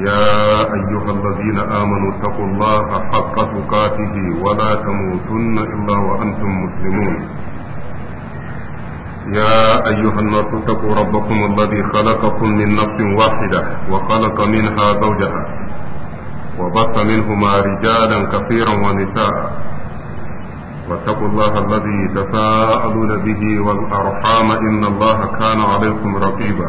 يا أيها الذين آمنوا اتقوا الله حق تقاته ولا تموتن إلا وأنتم مسلمون يا أيها الناس اتقوا ربكم الذي خلقكم من نفس واحدة وخلق منها زوجها وبث منهما رجالا كثيرا ونساء واتقوا الله الذي تساءلون به والأرحام إن الله كان عليكم رقيبا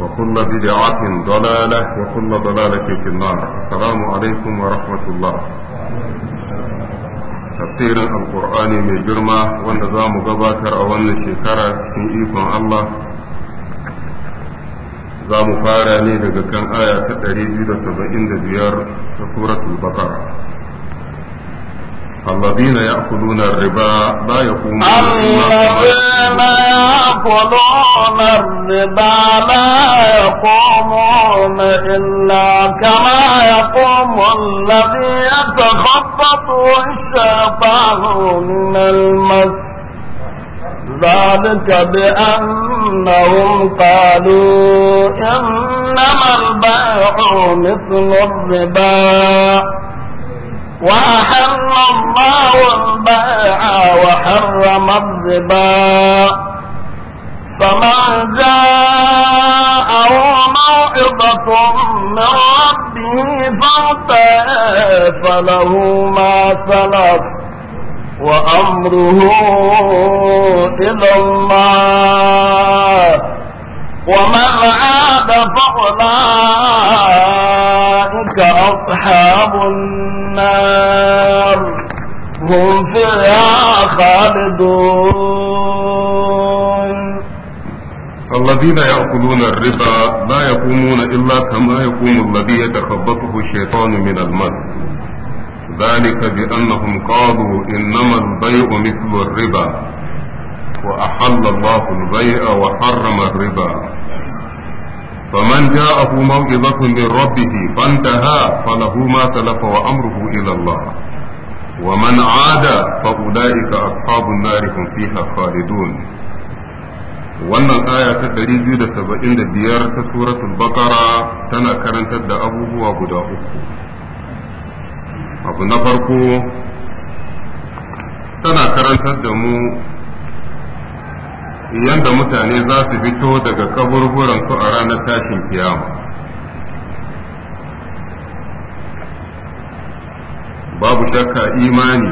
وكل بدعة ضلالة وكل ضلالة في النار السلام عليكم ورحمة الله تفسير القرآن من جرمة والنظام قباتر أول شكرة في إيقان الله za mu fara ne daga kan aya ta 275 ta suratul baqara الذين يأكلون الربا لا يقومون الذين يأكلون الربا لا يقومون إلا كما يقوم الذي يتخطط الشيطان من المس ذلك بأنهم قالوا إنما البيع مثل الربا وأحل الله البيع وحرم الربا فمن جاءه موعظة من ربه فانتهى فله ما سلف وأمره إلى الله ومن عاد فأولئك أصحاب النار هم فيها خالدون الذين يأكلون الربا لا يقومون إلا كما يقوم الذي يتخبطه الشيطان من المس ذلك بأنهم قالوا إنما البيع مثل الربا وأحل الله البيع وحرم الربا فمن جاءه موعظة من ربه فانتهى فله ما سلف وأمره إلى الله ومن عاد فأولئك أصحاب النار هم فيها خالدون wannan aya ta 275 ta suratul baqara tana karantar da abubuwa guda uku abu na farko tana karantar da mu yanda mutane za su fito daga su a ranar tashin kiyama babu shakka imani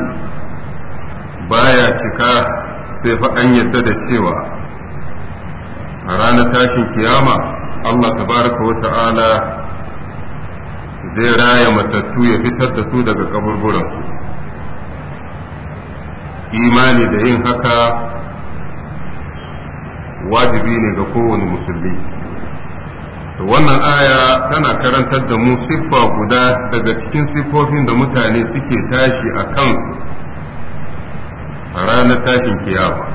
baya cika sai fa an yadda da cewa a ranar tashin kiyama Allah tabaraka wa ta'ala zai raya matattu ya fitar da su daga su imani da yin haka wajibi ne ga kowane musulmi wannan aya tana karantar da mu siffa guda daga cikin siffofin da mutane suke tashi a kan a ranar tashin kiyama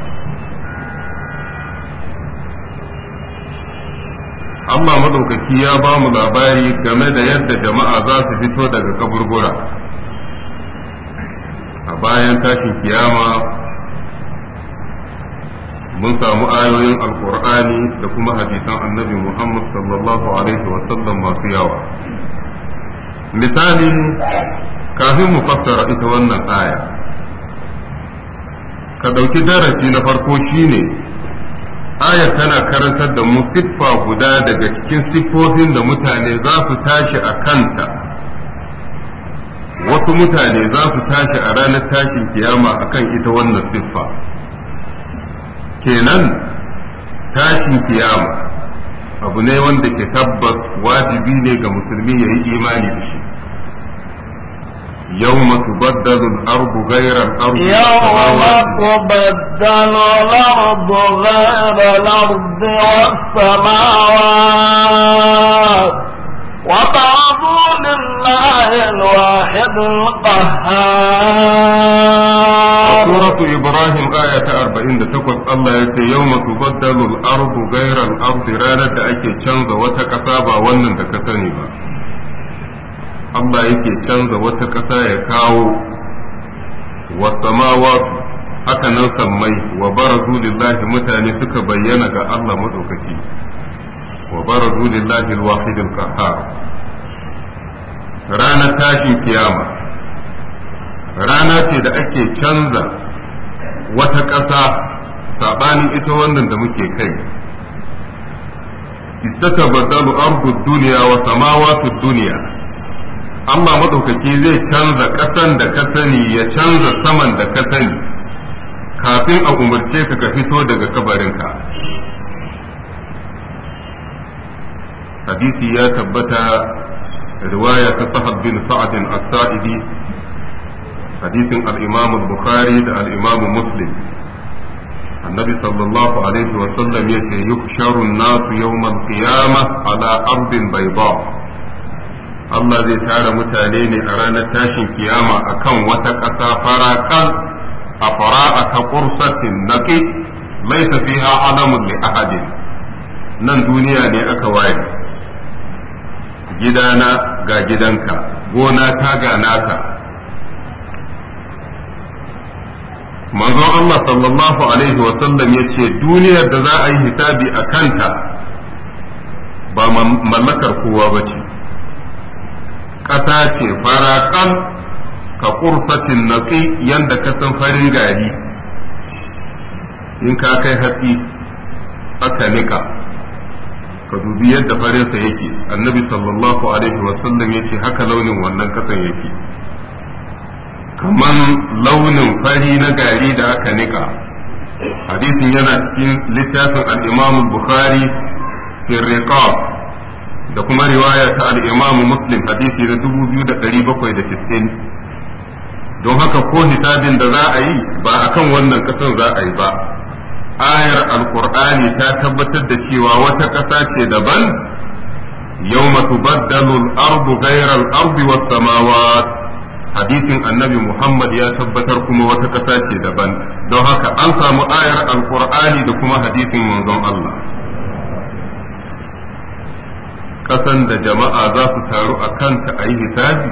Allah madaukaki ya ba mu labari game da yadda jama'a za su fito daga kaburbura a bayan tashin kiyama mun samu ayoyin alkur'ani da kuma hadisan annabi muhammad sallallahu alaihi wasallam masu yawa misali kafin mu fassara ita wannan aya ka ɗauki darasi na farko shine aya tana karantar da mu guda daga cikin siffofin da mutane za su tashi a kanta wasu mutane za su tashi a ranar tashin kiyama akan ita wannan siffa kenan tashin kiyama abu ne wanda ke tabbas wajibi ne ga musulmi ya yi imani da shi يوم تبدل الأرض غير الأرض يوم تبدل الأرض غير الأرض والسماوات وقعدوا لله الواحد القهار suratu ibrahim aya ta 48 Allah ya ce yawma tubaddalu al-ardu ghayra al-ard ranar da ake canza wata ƙasa ba wannan da ka sani ba Allah yake canza wata ƙasa ya kawo wa samawatu haka nan sammai wa barazu lillahi mutane suka bayyana ga Allah madaukaki wa barazu lillahi al-wahid al-qahhar ranar tashin kiyama rana ce da ake canza wata ƙasa saɓanin ita wannan da muke kai badalu ardu duniya wa samawatu duniya Allah madaukaki zai canza ƙasan da ka sani ya canza saman da ka sani kafin a umarce ka ka fito daga kabarinka hadisi ya tabbata riwaya ta sahab bin Sa'adin as-sa'idi hadisin al bukhari da al-imam muslim annabi sallallahu alaihi wa sallam yace yuhsharu an-nasu yawm kiyama qiyamah ala Allah zai tara mutane ne a ranar tashin kiyama a kan wata ƙasa farakan a fara'a ta ƙursatin naƙi laisa fiha alamun li ahadin nan duniya ne aka waye gidana ga gidan ka, gona ta ga naka manzon Allah sallallahu alaihi wa sallam yace duniyar da za a yi hisabi a kanta ba mallakar kowa ba ce ƙasa ce faraƙan ka ƙurfatin natsi yadda ka san farin gari in ka kai hatsi aka nika ka dubi yadda farinsa yake annabi sallallahu alaihi wa sallam yace haka launin wannan ƙasan yake kaman launin fari na gari da aka nika hadisin yana cikin littafin al-imam bukhari fi riqab da kuma riwaya ta al-imam muslim hadisi da 2790 don haka ko hisabin da za a yi ba kan wannan kasan za a yi ba ayar alkur'ani ta tabbatar da cewa wata ƙasa ce daban yawma tubaddalu al-ardu ghayra al-ardi was hadisin annabi Muhammad ya tabbatar kuma wata ƙasa ce daban don haka an samu ayar alkur'ani da kuma hadisin manzon Allah ƙasan da jama'a za su taru a kanta a yi hisabi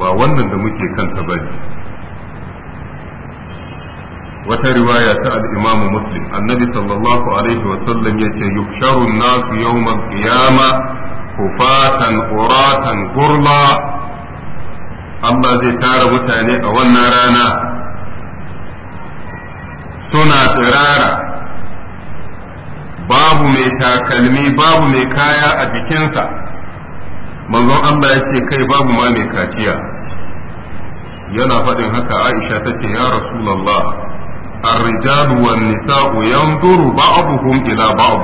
ba wannan da muke kanta ba ne wata riwaya ta al'imamu muslim annabi sallallahu alaihi wasallam ya ce yuksharun nasu yawmal qiyama kufatan ƙuratan gurla Allah zai tara mutane a wannan rana suna tsirara babu mai takalmi babu mai kaya a jikinsa manzon Allah ya ce kai babu ma mai kaciya yana faɗin haka Aisha ta ce ya Rasulallah الرجال والنساء ينظر بعضهم إلى بعض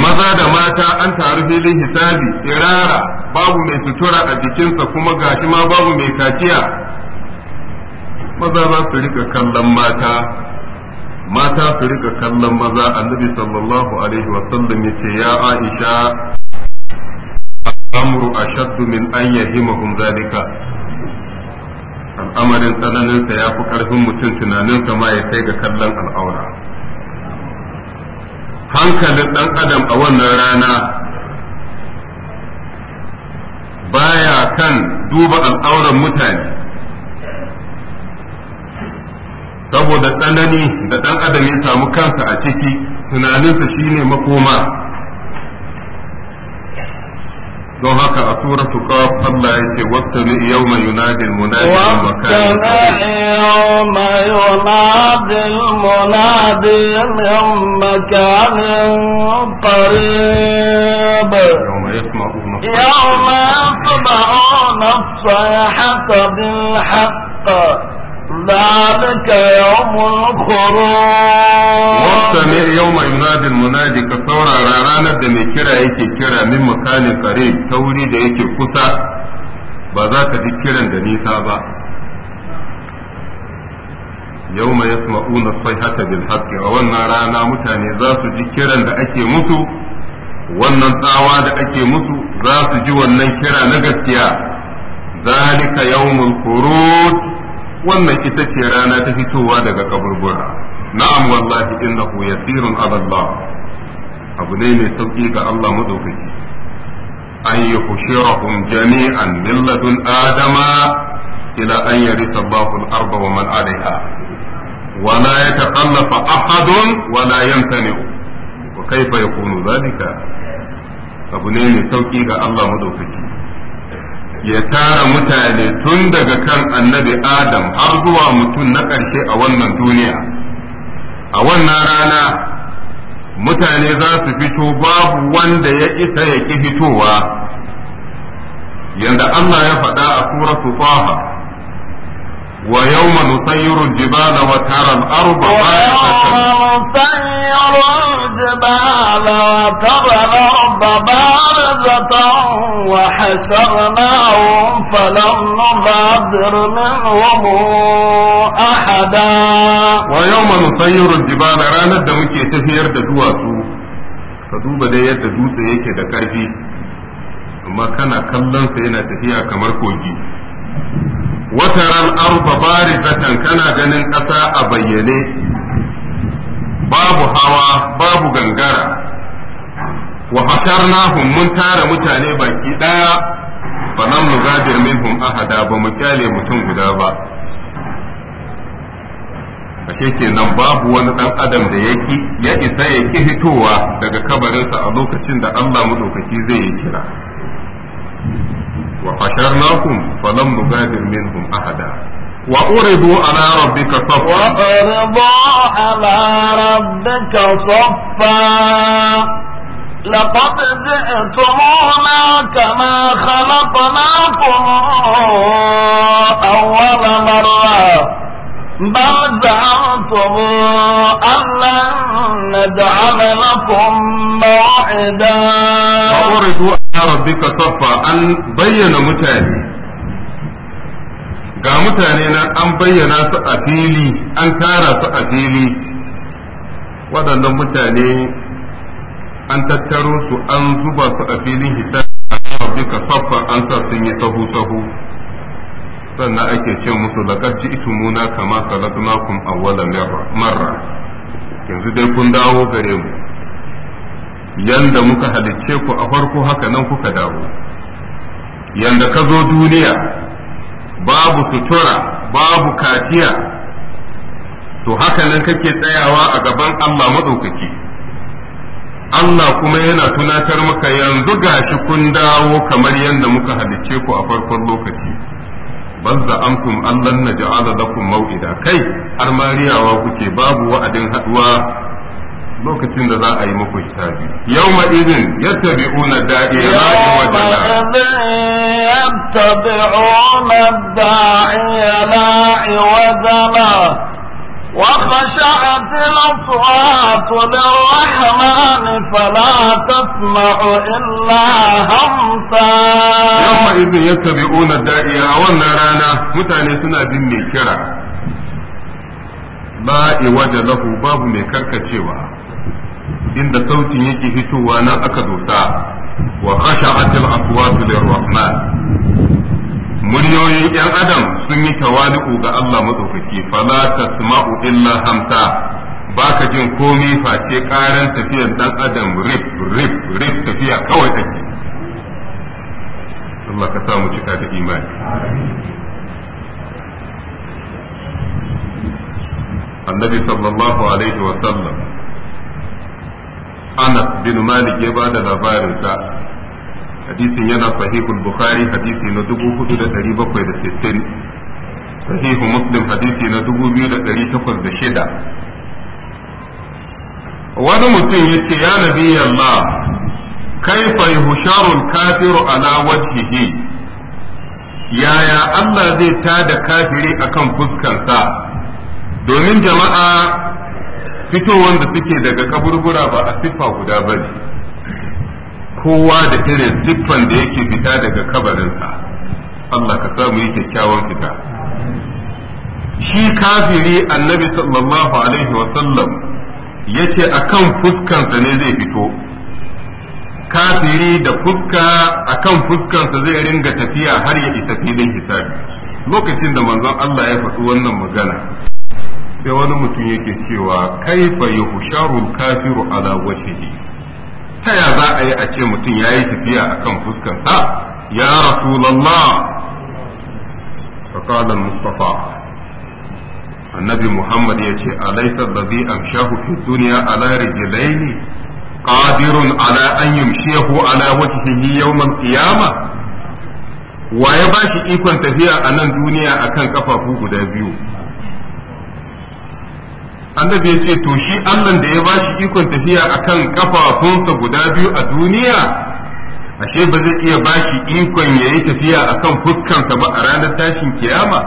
maza da mata an taru filin hisabi irara, babu mai sutura a jikinsa kuma gashi ma babu mai kaciya maza za su rika kallon mata mata su rika kallon maza annabi sallallahu alaihi wa sallam yace ya aisha amru ashaddu min an yahimahum zalika al'amarin tsananinsa ya fi karfin mutum tunaninsa ma ya kai ga kallon al'aura hankalin ɗan adam a wannan rana baya kan duba al'auran mutane saboda tsanani da ɗan adam ya samu kansa a ciki tunaninsa shine makoma دون هكا سورة قاف قبل ايتي واتل يوم ينادي المنادي واتل يوم ينادي المنادي يوم مكان قريب يوم يسمعون الصيحة بالحق ذلك يوم الخروج واستمع يوم ينادي المنادي كثورة رانا دمي كرا يكي كرا من مكان قريب توري دا يكي كسا بذاك دي كرا دنيسا با يوم يسمعون الصيحة بالحق وانا رانا متاني ذات دي كرا دا اكي مسو wannan tsawa da ake musu za su ji wannan kira na gaskiya zalika yawmul khuruj wannan ita ce rana ta fitowa daga kaburbura na'am wallahi innahu yasirun ala Allah abu ne mai sauki ga Allah madaukaki an yi hushirahum jami'an milladun adama ila an yarisa Allahu al-arda wa man alaiha ولا يتخلف أحد ولا يمتنع وكيف يكون ذلك abu ne mai sauki ga Allah madaukaki ya tara mutane tun daga kan annabi adam har zuwa mutum na ƙarshe a wannan duniya a wannan rana mutane za su fito babu wanda ya isa ya ƙi fitowa yadda Allah ya faɗa a suratu Taha ويوم نطير الجبال وترى الأرض ويوم نطير الجبال وترى الأرض بارزة وحشرناهم فلم نغادر منهم أحدا ويوم نطير الجبال رانا دمك يتفير دواسو فدوب دي يتدوس يكي دكارفي amma كان kallon سينا yana tafiya kamar wataran arba barizatan kana ganin ƙasa a bayyane babu hawa babu gangara wa na mun tara mutane baki daya fa lam nugadir minhum ahada ba mu kyale mutum guda ba ashe kenan babu wani ɗan adam da yaki ya isa ya ki fitowa daga kabarinsa a lokacin da Allah madaukaki zai yi kira وحشرناكم فلم نبادر منهم أحدا وأرضوا على ربك صفا وأرضوا على ربك صفا لقد جئتمونا كما خلقناكم أول مرة بل زعمتم أن لن نجعل لكم موعدا rabbika saffa an bayyana mutane ga mutane na an bayyana su a fili an tara su a fili waɗannan mutane an tattaro su an zuba su a filin hisabi ka saffa an sa sun yi sahu sahu sannan ake ce musu ita muna kama khalaqnakum awwala marra yanzu dai kun dawo gare mu yanda muka halicce ku a farko haka nan kuka dawo yanda ka zo duniya babu sutura babu kaciya to haka nan kake tsayawa a gaban Allah maɗaukaki Allah kuma yana tunatar maka yanzu gashi kun dawo kamar yanda muka halicce ku a farkon lokaci bazza amkum Allah na ja'ala lakum mau'ida kai har Mariyawa kuke babu wa'adin haduwa lokacin da za a yi muku hisabi yawma idin ya tabi una idin ya da'iya la'i wa zala وخشعت الأصوات للرحمن فلا تسمع إلا همسا يومئذ يتبعون الدائية والنرانة متعني سنة دين ميكرا ba وجده باب ميكرك mai inda sautin yake fitowa na aka dosa wa khasha'atil aswatu lirrahman muryoyin yan adam sun yi tawali'u ga Allah madaukaki fala tasma'u illa hamsa baka jin komai face karan tafiyar dan adam rip rip rip tafiya kawai take Allah ka samu cika da imani annabi sallallahu alaihi wa sallam anas bin malik ya ba da labarinsa hadisin yana sahihul bukhari hadisi na 4760 sahihu muslim hadisi na 2806 wani mutum ya ce ya nabi Allah kaifa yuhsharul kafiru ala wajhihi yaya Allah zai tada kafiri akan sa domin jama'a fitowar da suke daga kaburbura ba a siffa guda ba ne kowa da irin siffan da yake fita daga kabarinsa Allah ka samu yi kyakkyawan fita shi kafiri annabi sallallahu alaihi wasallam ya ce a kan fuskansa ne zai fito kafiri da fuska a kan fuskansa zai ringa tafiya har ya isa filin hisabi lokacin da manzon Allah ya faɗi wannan magana sai wani mutum yake cewa kaifa yuhsharu kafiru ala wajhihi ta ya za a yi a ce mutum ya yi tafiya a kan fuskansa ya rasulallah faƙalar mustafa annabi muhammad ya ce alaisa lazi amshahu fi duniya ala ne. Ƙadirun ala an yi yumshihu ala wajhihi yawmal qiyama wa ya ba shi ikon tafiya a nan duniya akan kafafu guda biyu annabi ya ce to shi Allah da ya ba shi ikon tafiya akan kafafunsa guda biyu a duniya ashe ba zai iya ba shi ikon ya yi tafiya akan fuskansa ba a ranar tashin kiyama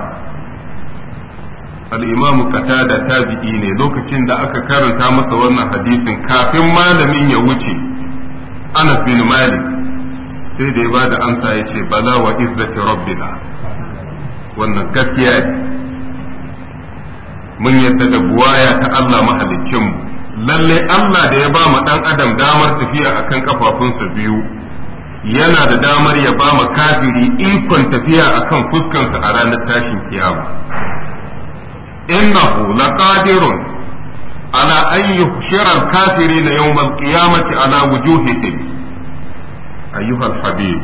al'imamu kata da tabi'i ne lokacin da aka karanta masa wannan hadisin kafin malamin ya wuce anas bin malik sai da ya ba da amsa ya ce bala wa izzati rabbina wannan gaskiya ne mun yadda da buwaya ta Allah mu. lalle Allah da ya ba mu dan adam damar tafiya akan kafafunsa biyu yana da damar ya ba mu kafiri ikon tafiya akan fuskansa a ranar tashin kiyama innahu laqadirun ala an yuhshira al-kafirina yawm al-qiyamati ala wujuhihim ayyuhal habib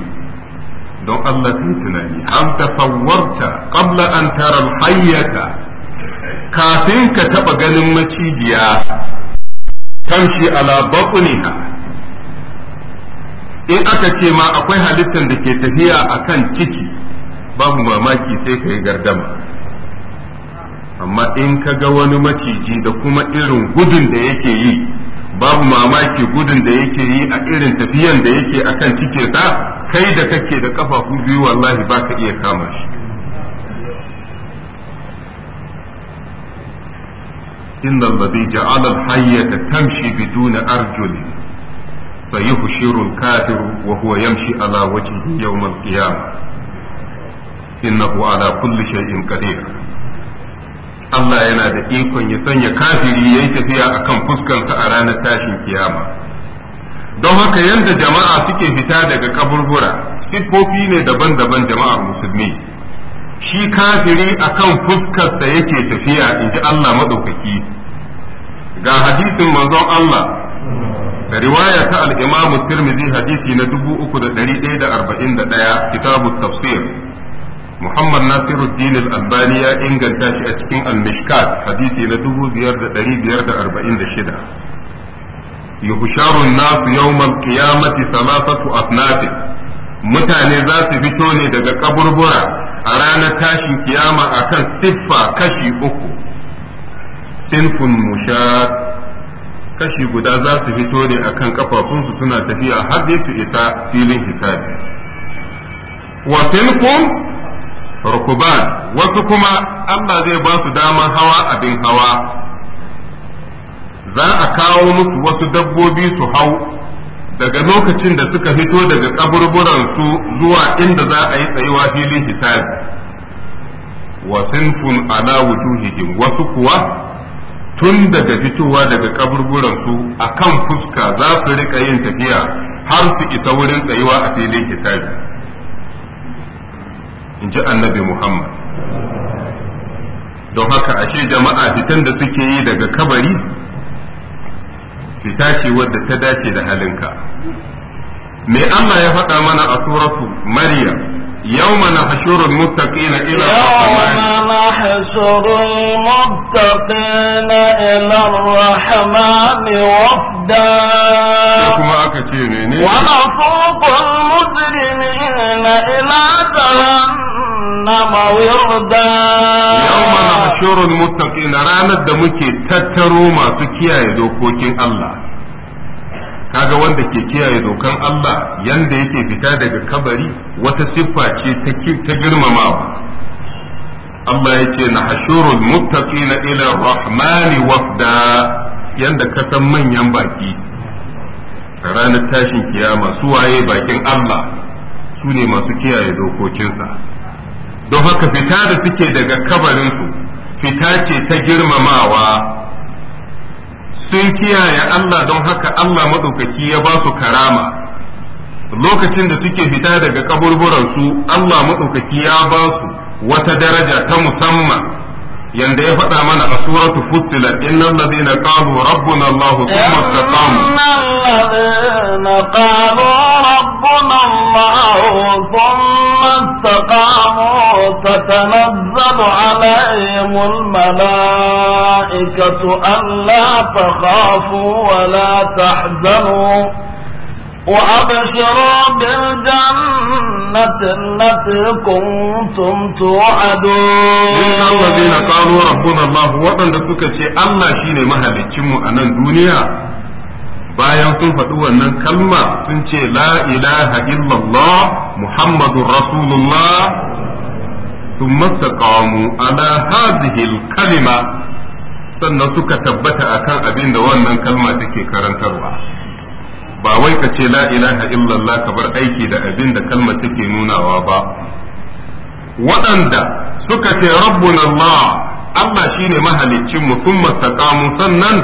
don Allah ka tunani am tasawwarta qabla an tara al-hayyata kafin ka taɓa ganin macijiya tamshi ala batuniha in aka ce ma akwai halittar da ke tafiya akan ciki babu mamaki sai ka yi gardama amma in ka ga wani maciji da kuma irin gudun da yake yi babu mamaki gudun da yake yi a irin tafiyan da yake akan cikinsa kai da kake da ƙafafu biyu wallahi ba ka iya kama shi إن الذي جعل الحية تمشي بدون أرجل فيهشر الكافر وهو يمشي على وجهه يوم القيامة إنه على كل شيء قدير Allah yana da ikon ya sanya kafiri ya yi tafiya a kan fuskansa a ranar tashin kiyama. Don haka yadda jama'a suke fita daga kaburbura, siffofi ne daban-daban jama'ar musulmi. shi kafiri akan fuskarsa yake tafiya in ji Allah maɗaukaki ga hadisin manzon Allah da riwaya ta al'imamu tirmidhi hadisi na 3141 kitabu tafsir Muhammad Nasiruddin al-Albani ya inganta shi a cikin al-Mishkat hadisi na 5546 yuhsharu Nasu nas yawm al-qiyamati asnafin mutane za su fito ne daga kaburbura a ranar tashin kiyama a kan siffa kashi uku sinfin musha kashi guda za su fito ne akan kafafunsu suna tafiya har su isa filin hisabi wa sinfin rukuban wasu kuma Allah zai ba su damar hawa abin hawa za a kawo musu wasu dabbobi su hau daga lokacin da suka fito daga su zuwa inda za a yi tsayuwa filin hisabi wa sinfun ala wujuhihim wasu kuwa tun daga fitowa daga kaburburansu a kan fuska za su rika yin tafiya har su isa wurin tsayuwa a filin hisabi in ji annabi muhammad don haka ashe jama'a fitan da suke yi daga kabari fita ce wadda ta dace da halinka me Allah ya faɗa mana a suratu Maryam يوم نحشر المتقين إلى الرحمن يوم نحشر na إلى الرحمن وفدا ونسوق المجرمين إلى جهنم وردا يوم نحشر المتقين رانا دمكي تترو ما kiyaye dokokin الله kaga wanda ke kiyaye dokan Allah yanda yake fita daga kabari wata siffa ce ta girmamawa? Allah ya ce na hashurul muttaqina ila rahmani wafda yanda ka san manyan baki ranar tashin kiyama su waye bakin Allah su ne masu kiyaye dokokinsa don haka fita da suke daga kabarinsu fita ce ta girmamawa sun kiyaye Allah don haka Allah maɗaukaki ya ba su karama lokacin da suke fita daga kaburburansu Allah maɗaukaki ya ba su wata daraja ta musamman يند يفتح معنا سورة فصلت إن الذين قالوا ربنا الله ثم استقاموا إن الذين قالوا ربنا الله ثم استقاموا تتنزل عليهم الملائكة ألا تخافوا ولا تحزنوا وأبشروا بالجنة التي كنتم توعدون إن الذين قالوا ربنا الله وطن دسوكة الله شيني مهلك كمو أنا الدنيا bayan sun faɗi wannan kalma sun ce la ilaha illallah muhammadun rasulullah sun mastaqamu ala hadhihi kalima sannan suka tabbata akan abin da wannan kalma take karantarwa ba wai ka ce la ilaha illallah ka bar aiki da abin da kalmar take nunawa ba waɗanda suka ce rabbuna Allah Allah shine mahaliccin mu sun mastaqamu sannan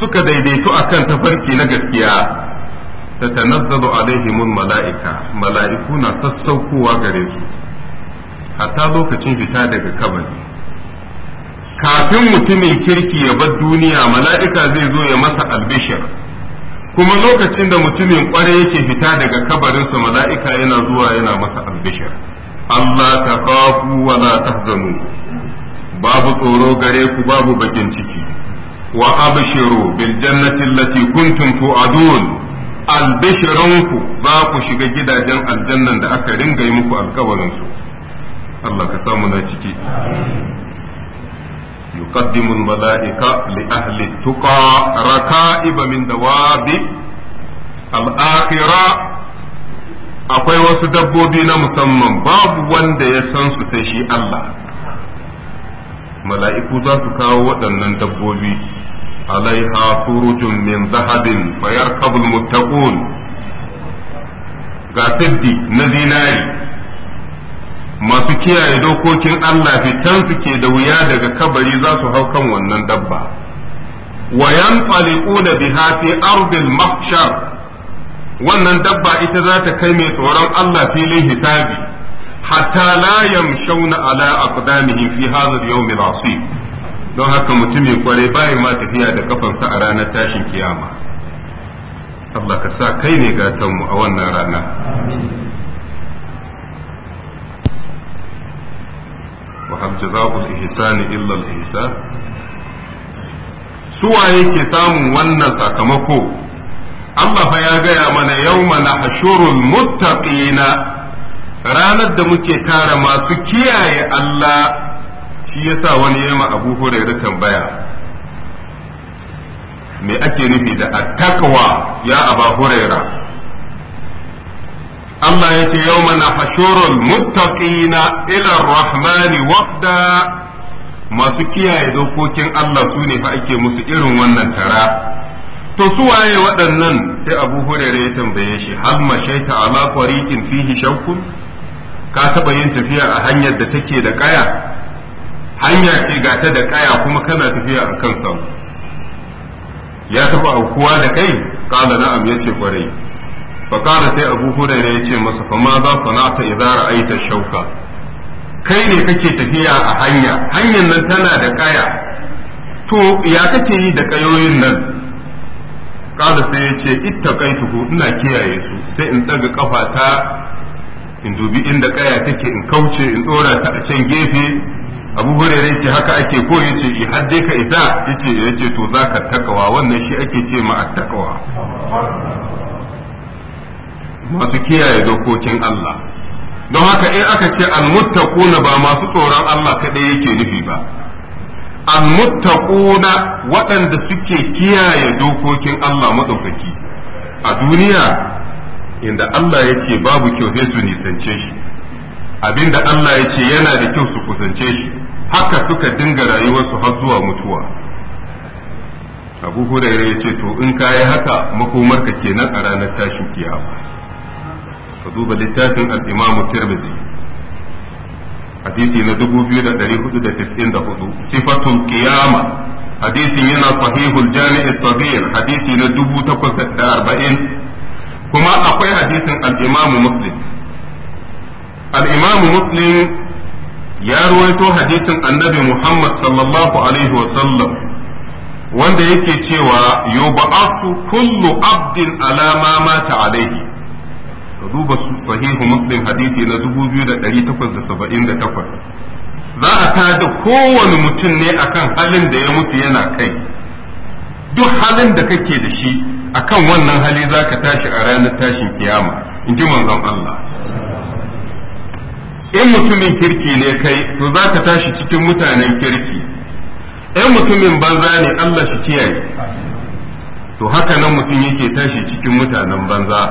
suka daidaito akan tafarki na gaskiya tatanazzalu alaihimul mala'ika mala'iku na sassaukowa gare su hatta lokacin fita daga kabari kafin mutumin kirki ya bar duniya mala'ika zai zo ya masa albishir kuma lokacin da mutumin kware yake fita daga kabarinsa mala'ika yana zuwa yana masa albishir Allah ta kafu wa la tahzanu babu tsoro gare ku babu bakin ciki wa abshiru bil jannati allati kuntum tu'adun albishirunku za ku shiga gidajen aljannan da aka ringa yi muku alkawarin su Allah ka samu na ciki يقدم الملائكة لأهل التقى ركائب من دواب الآخرة akwai wasu dabbobi na musamman babu wanda ya san su sai shi Allah mala'iku za su kawo waɗannan dabbobi alaiha surujun min zahabin fayar kabul muttaqun ga siddi na zinari masu kiyaye dokokin Allah fitan suke da wuya daga kabari za su hau kan wannan dabba wa yanfaliquna biha fi ardil mahshar wannan dabba ita za ta kai mai tsoron Allah filin hisabi hatta la yamshawna ala aqdamihim fi hadha al-yawm al don haka mutum mutumin kwarai bai ma tafiya da kafansa a ranar tashin kiyama Allah ka sa kai ne gatanmu mu a wannan rana وهل جزاء الإحسان إلا الإحسان سوى samun ونسى كمكو Allah fa ya gaya mana yawma nahshurul muttaqina ranar da muke tara masu kiyaye Allah shi yasa wani yama Abu Hurairah tambaya me ake nufi da attaqwa ya Abu Hurairah Allah ya ce yau mana fashorul muttaqina ila rahmani wafda masu kiyaye dokokin Allah sune ne ake musu irin wannan tara to su waye waɗannan sai Abu ya tambaye shi hal mashaita ala tariqin fihi shakkun ka taba yin tafiya a hanyar da take da kaya hanya ce ga da kaya kuma kana tafiya a kan sau ya taba aukuwa da kai kala na'am yace kwarai faƙara sai abu huraira ya ce masa fa ma za sana'ata idza ra'aita kai ne kake tafiya a hanya hanyar nan tana da kaya to ya kake yi da kayoyin nan kada sai ya ce ittaqaituhu ina kiyaye su sai in daga kafata in dubi inda kaya take in kauce in dora a can gefe abu hurairu yace haka ake ko yace i hadde ka ita yace yace to zaka takawa wannan shi ake ce ma at-taqwa masu kiyaye dokokin Allah don haka in aka ce almuttaquna ba masu tsoron Allah kaɗai yake nufi ba almuttaquna waɗanda suke kiyaye dokokin Allah maɗaukaki a duniya inda Allah yake babu kyau sai su nisance shi abinda Allah yake yana da kyau su kusance shi haka suka dinga rayuwarsu har zuwa mutuwa abu hurairah ya ce to in kayi haka makomarka kenan a ranar tashin kiyama ka duba littafin al-imam tirmidhi hadisi na 2494 sifatul qiyama hadisin yana sahihul jami' as-saghir hadisi na 840 kuma akwai hadisin al-imam muslim al ya ruwaito hadisin annabi muhammad sallallahu alaihi wa sallam wanda yake cewa yub'asu kullu abdin alama ma mata alaihi ka duba sahihu muslim hadisi na 2878 za a tada kowane mutum ne akan halin da ya mutu yana kai duk halin da kake da shi akan wannan hali za ka tashi a ranar tashin kiyama in ji manzon Allah in mutumin kirki ne kai to za ka tashi cikin mutanen kirki in mutumin banza ne Allah shi kiyaye to haka nan mutum yake tashi cikin mutanen banza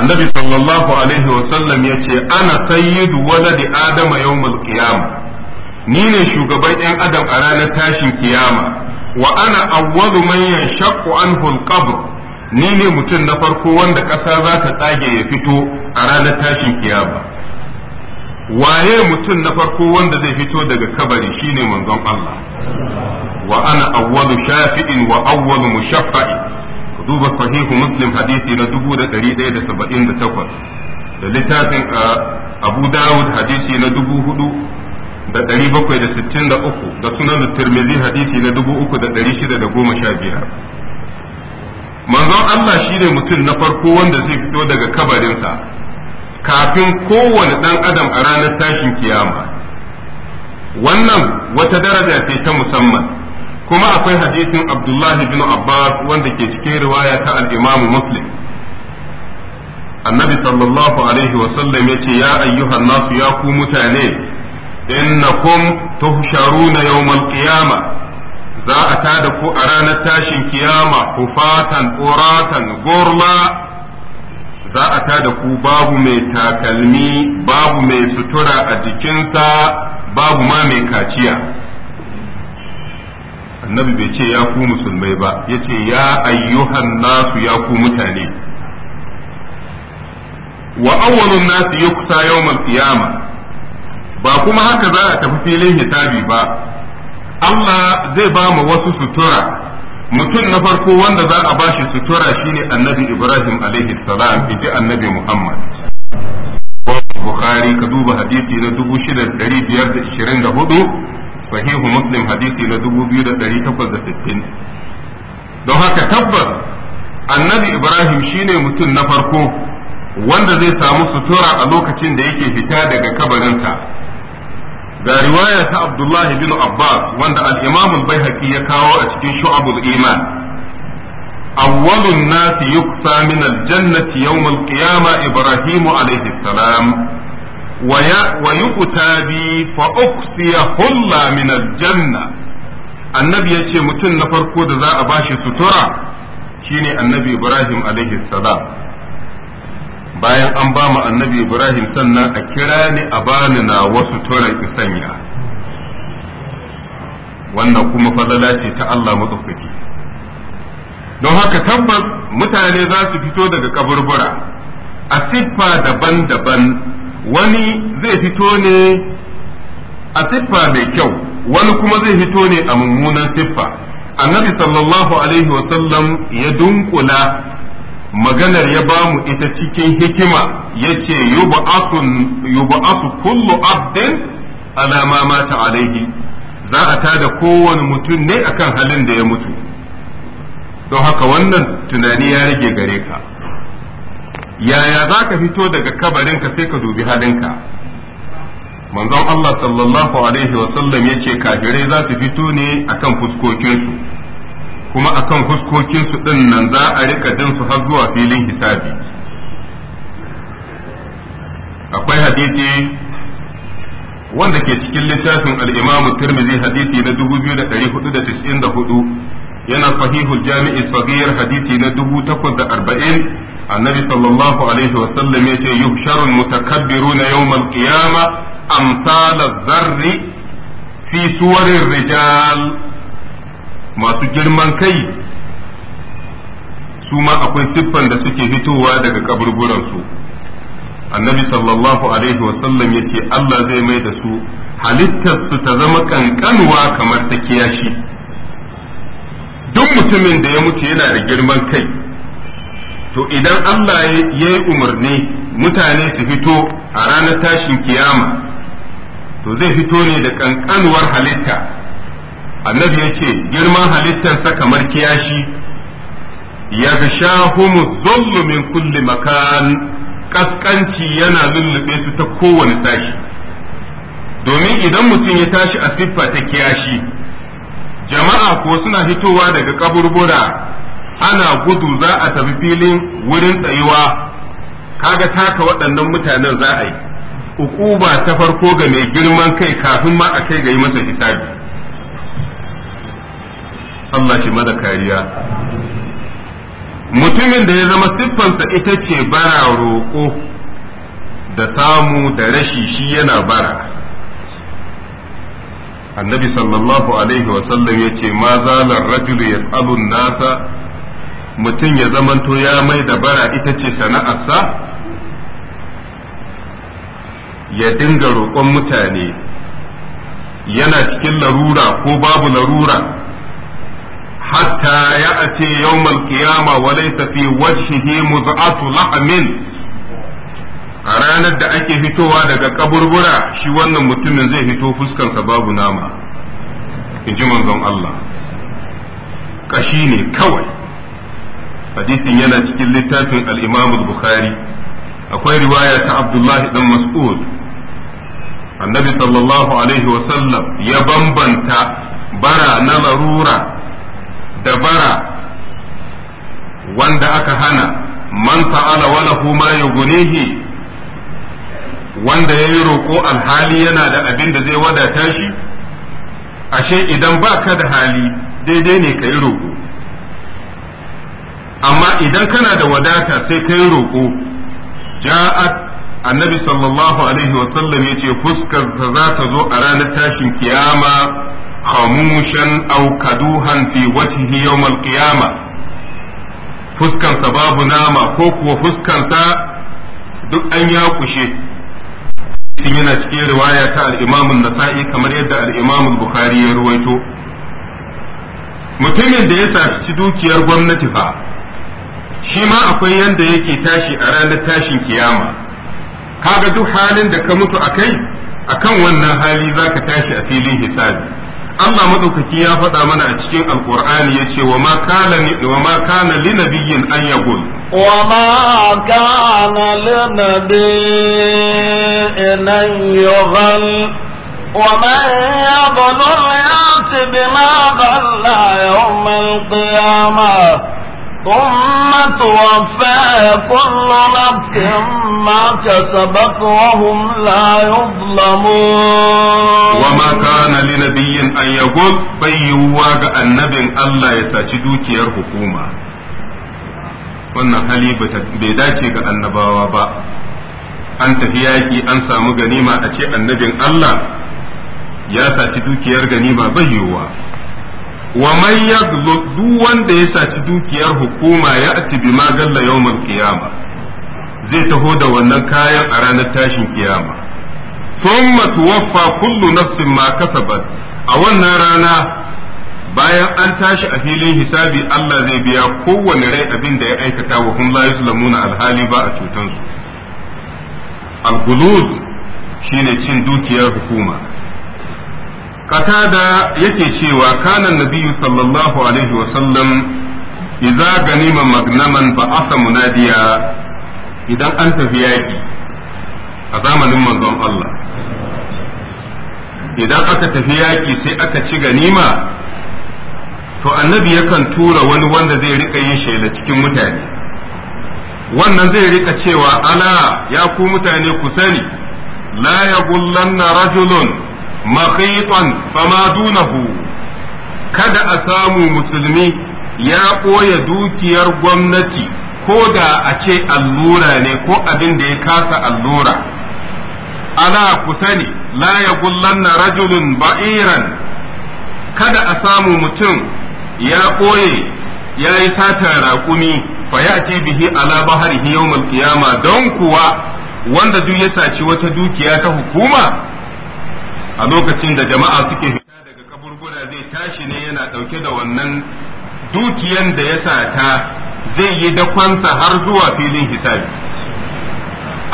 annabi sallallahu alaihi wa sallam yace ana sayyidu waladi adama yau qiyam ni ne shugaban yan adam a ranar tashin kiyama wa ana awwalu man yanshaqu anhu ni ne mutum na farko wanda ƙasa za ta tsage ya fito a ranar tashin kiyama waye mutum na farko wanda zai fito daga kabari shine manzon Allah wa ana awwalu shafi'in wa awwalu mushaffa'in duba sahihu muslim hadisi na 1178 da littafin abu dawud hadisi na 4763 da sunan tirmidhi hadisi na 3615 manzon Allah shine mutum na farko wanda zai fito daga kabarinsa kafin kowane dan adam a ranar tashin kiyama wannan wata daraja ce ta musamman kuma akwai hadisin abdullahi bin abbas wanda ke cikin riwaya ta al-imam muslim annabi sallallahu alaihi wa ya ce ya ayyuhan nasu ya ku mutane innakum tuhsharuna yawmal qiyama za a tada ku a ranar tashin kiyama kufatan uratan gurla za a tada ku babu mai takalmi babu mai sutura a jikinsa babu ma mai kaciya annabi bai ce ya ku musulmai ba ya ce ya ayyuhan nasu ya ku mutane wa awwalun nasu ya kusa yawon qiyama ba kuma haka za a tafi filin hisabi ba Allah zai ba mu wasu sutura mutum na farko wanda za a ba shi sutura shine annabi Ibrahim alaihi salam iji annabi Muhammad Bukhari ka duba hadisi na 6524 sahihu muslim hadisi na 2860 don haka tabbas annabi ibrahim shine mutum na farko wanda zai samu sutura a lokacin da yake fita daga kabarinsa ga riwaya ta abdullahi bin abbas wanda al-imam al ya kawo a cikin shu'abul iman أول na يكفى من الجنة يوم القيامة إبراهيم عليه السلام ويؤتى بي فأخفي حلة من الجنة النبي يتي متن نفرقو دا ذا أباشي سترى شيني النبي إبراهيم عليه السلام bayan an ba mu annabi Ibrahim sannan a kira ni a bani na wasu tura ki sanya wannan kuma fadala ce ta Allah maɗaukaki don haka tabbas mutane za su fito daga kaburbura a siffa daban-daban wani zai fito ne a siffa mai kyau wani kuma zai fito ne a mummunan siffa annabi sallallahu alaihi wasallam ya dunkula maganar ya ba mu ita cikin hikima ya ce yuba'asu kullu abdin ala ma mata alaihi za a tada kowane mutum ne akan halin da ya mutu don haka wannan tunani ya rage gare ka yaya za ka fito daga kabarinka sai ka dubi halinka manzon Allah sallallahu alaihi wasallam ya ce kafirai za su fito ne akan fuskokinsu kuma akan fuskokinsu ɗin nan za a rika jin su har zuwa filin hisabi akwai hadisi wanda ke cikin littafin al'imamu tirmizi hadisi na 2494 yana sahihul jami'i sagir hadisi na 840 annabi sallallahu alaihi wa sallam yace yuhsharul mutakabbiruna yawmal qiyama amsal zarri fi suwarin rijal masu girman kai su ma akwai siffan da suke fitowa daga kaburburansu annabi sallallahu alaihi wa sallam yace Allah zai mai da su halittarsu ta zama ƙanƙanwa kamar ta kiyashi duk mutumin da ya mutu yana da girman kai to idan Allah ya yi umarni mutane su fito a ranar tashin kiyama to zai fito ne da ƙanƙanwar halitta annabi ya ce girman halittarsa kamar kiyashi ya shahumu zullu kulli makan kaskanci yana lullube su ta kowane tashi domin idan mutum ya tashi a siffa ta kiyashi jama'a ko suna fitowa daga kaburbura ana gudu za a tafi filin wurin tsayuwa kaga taka waɗannan mutanen za a yi ukuba ta farko ga mai girman kai kafin ma a kai ga yi masa hisabi Allah shi mada kariya mutumin da ya zama siffansa ita ce bara roƙo da samu da rashi shi yana bara annabi sallallahu alaihi wasallam ya ce ma zalar rajulu ya nasa mutum ya zamanto ya mai da bara ita ce sana'arsa ya dinga roƙon mutane yana cikin larura ko babu larura hatta ya a ce yawmal qiyama wa laysa fi wajhihi muz'atu lahmin a ranar da ake fitowa daga kaburbura shi wannan mutumin zai fito fuskarsa babu nama in ji manzon Allah kashi ne kawai hadisin yana cikin littafin al bukhari akwai riwaya ta Abdullahi dan Mas'ud annabi sallallahu alaihi wa sallam ya bambanta bara na larura da bara wanda aka hana man fa'ala wa lahu ma yughnihi wanda yayi roƙo alhali yana da abin da zai wadata shi ashe idan ba ka da hali daidai ne ka yi roƙo amma idan kana da wadata sai kai roƙo ja'at annabi sallallahu alaihi wa sallam yace fuskar ta za ta zo a ranar tashin kiyama khamushan aw kaduhan fi wajhi yawm al-qiyama fuskansa babu nama ko kuwa fuskansa duk an ya kushe yana cikin riwaya ta al-Imam an-Nasa'i kamar yadda al-Imam bukhari ya ruwaito mutumin da ya saci dukiyar gwamnati fa shi ma akwai yadda yake tashi a ranar tashin kiyama kaga duk halin da ka mutu a kai akan wannan hali za ka tashi a filin hisabi Allah madaukaki ya faɗa mana a cikin alkur'ani ya ce wa ma kana li nabiyyin an yagul wa ma kana li nabiyyin an ya ومن ya يأت بما ضل يوم القيامة ثم توفى كل نفس ما كسبت وهم لا يظلمون وما كان لنبي أن يقول بيواغ النبي الله يتجدو كير حكومة wannan hali bai dace ga annabawa ba an tafi yaƙi an samu ganima a ce annabin Allah ya saci dukiyar ganima bai yiwuwa wa man yadlu duk wanda ya saci dukiyar hukuma ya ati bi ma galla qiyama zai taho da wannan kayan a ranar tashin kiyama thumma tuwaffa kullu nafsin ma kasabat a wannan rana bayan an tashi a filin hisabi Allah zai biya kowane rai abin da ya aikata wa hum la yuslamuna alhali ba a cutansu al shine cin dukiyar hukuma qatada yake cewa kana nabiyyu sallallahu alaihi wa sallam idza ganima magnaman ba asa munadiya idan an tafi yaki a zamanin manzon Allah idan aka tafi yaƙi sai aka ci ganima to annabi yakan tura wani wanda zai rika yin shela cikin mutane wannan zai riƙa cewa ala ya ku mutane ku sani la yagullanna rajulun makhifan fama dunahu kada a samu musulmi ya ɓoye dukiyar gwamnati ko da a ce allura ne ko abin da ya kasa allura Alakusani ku la ya gullanna rajulun ba'iran kada a samu mutum ya ɓoye ya yi satar raƙumi fa ya bihi ala baharihi yawmal qiyama don kuwa wanda duk ya saci wata dukiya ta hukuma a lokacin da jama'a suke fita daga kaburbura zai tashi ne yana ɗauke da wannan dukiyan da ya sata zai yi dakonsa har zuwa filin hisabi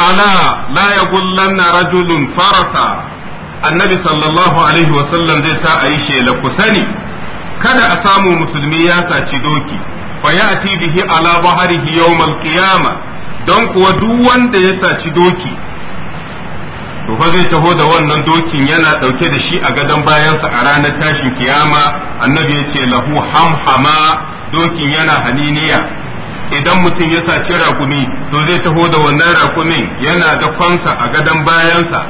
ala la yagullanna rajulun farasa annabi sallallahu alaihi wasallam zai sa a yi shela ku sani kada a samu musulmi ya saci doki fa ya ati bihi ala bahrihi yawm al-qiyamah don kuwa duk wanda ya saci doki to fa zai taho da wannan dokin yana ɗauke da shi a gadon bayansa a ranar tashin kiyama annabi ya ce lahu hamhama dokin yana haniniya idan mutum ya saci rakumi to zai taho da wannan rakumin yana da kwansa a gadon bayansa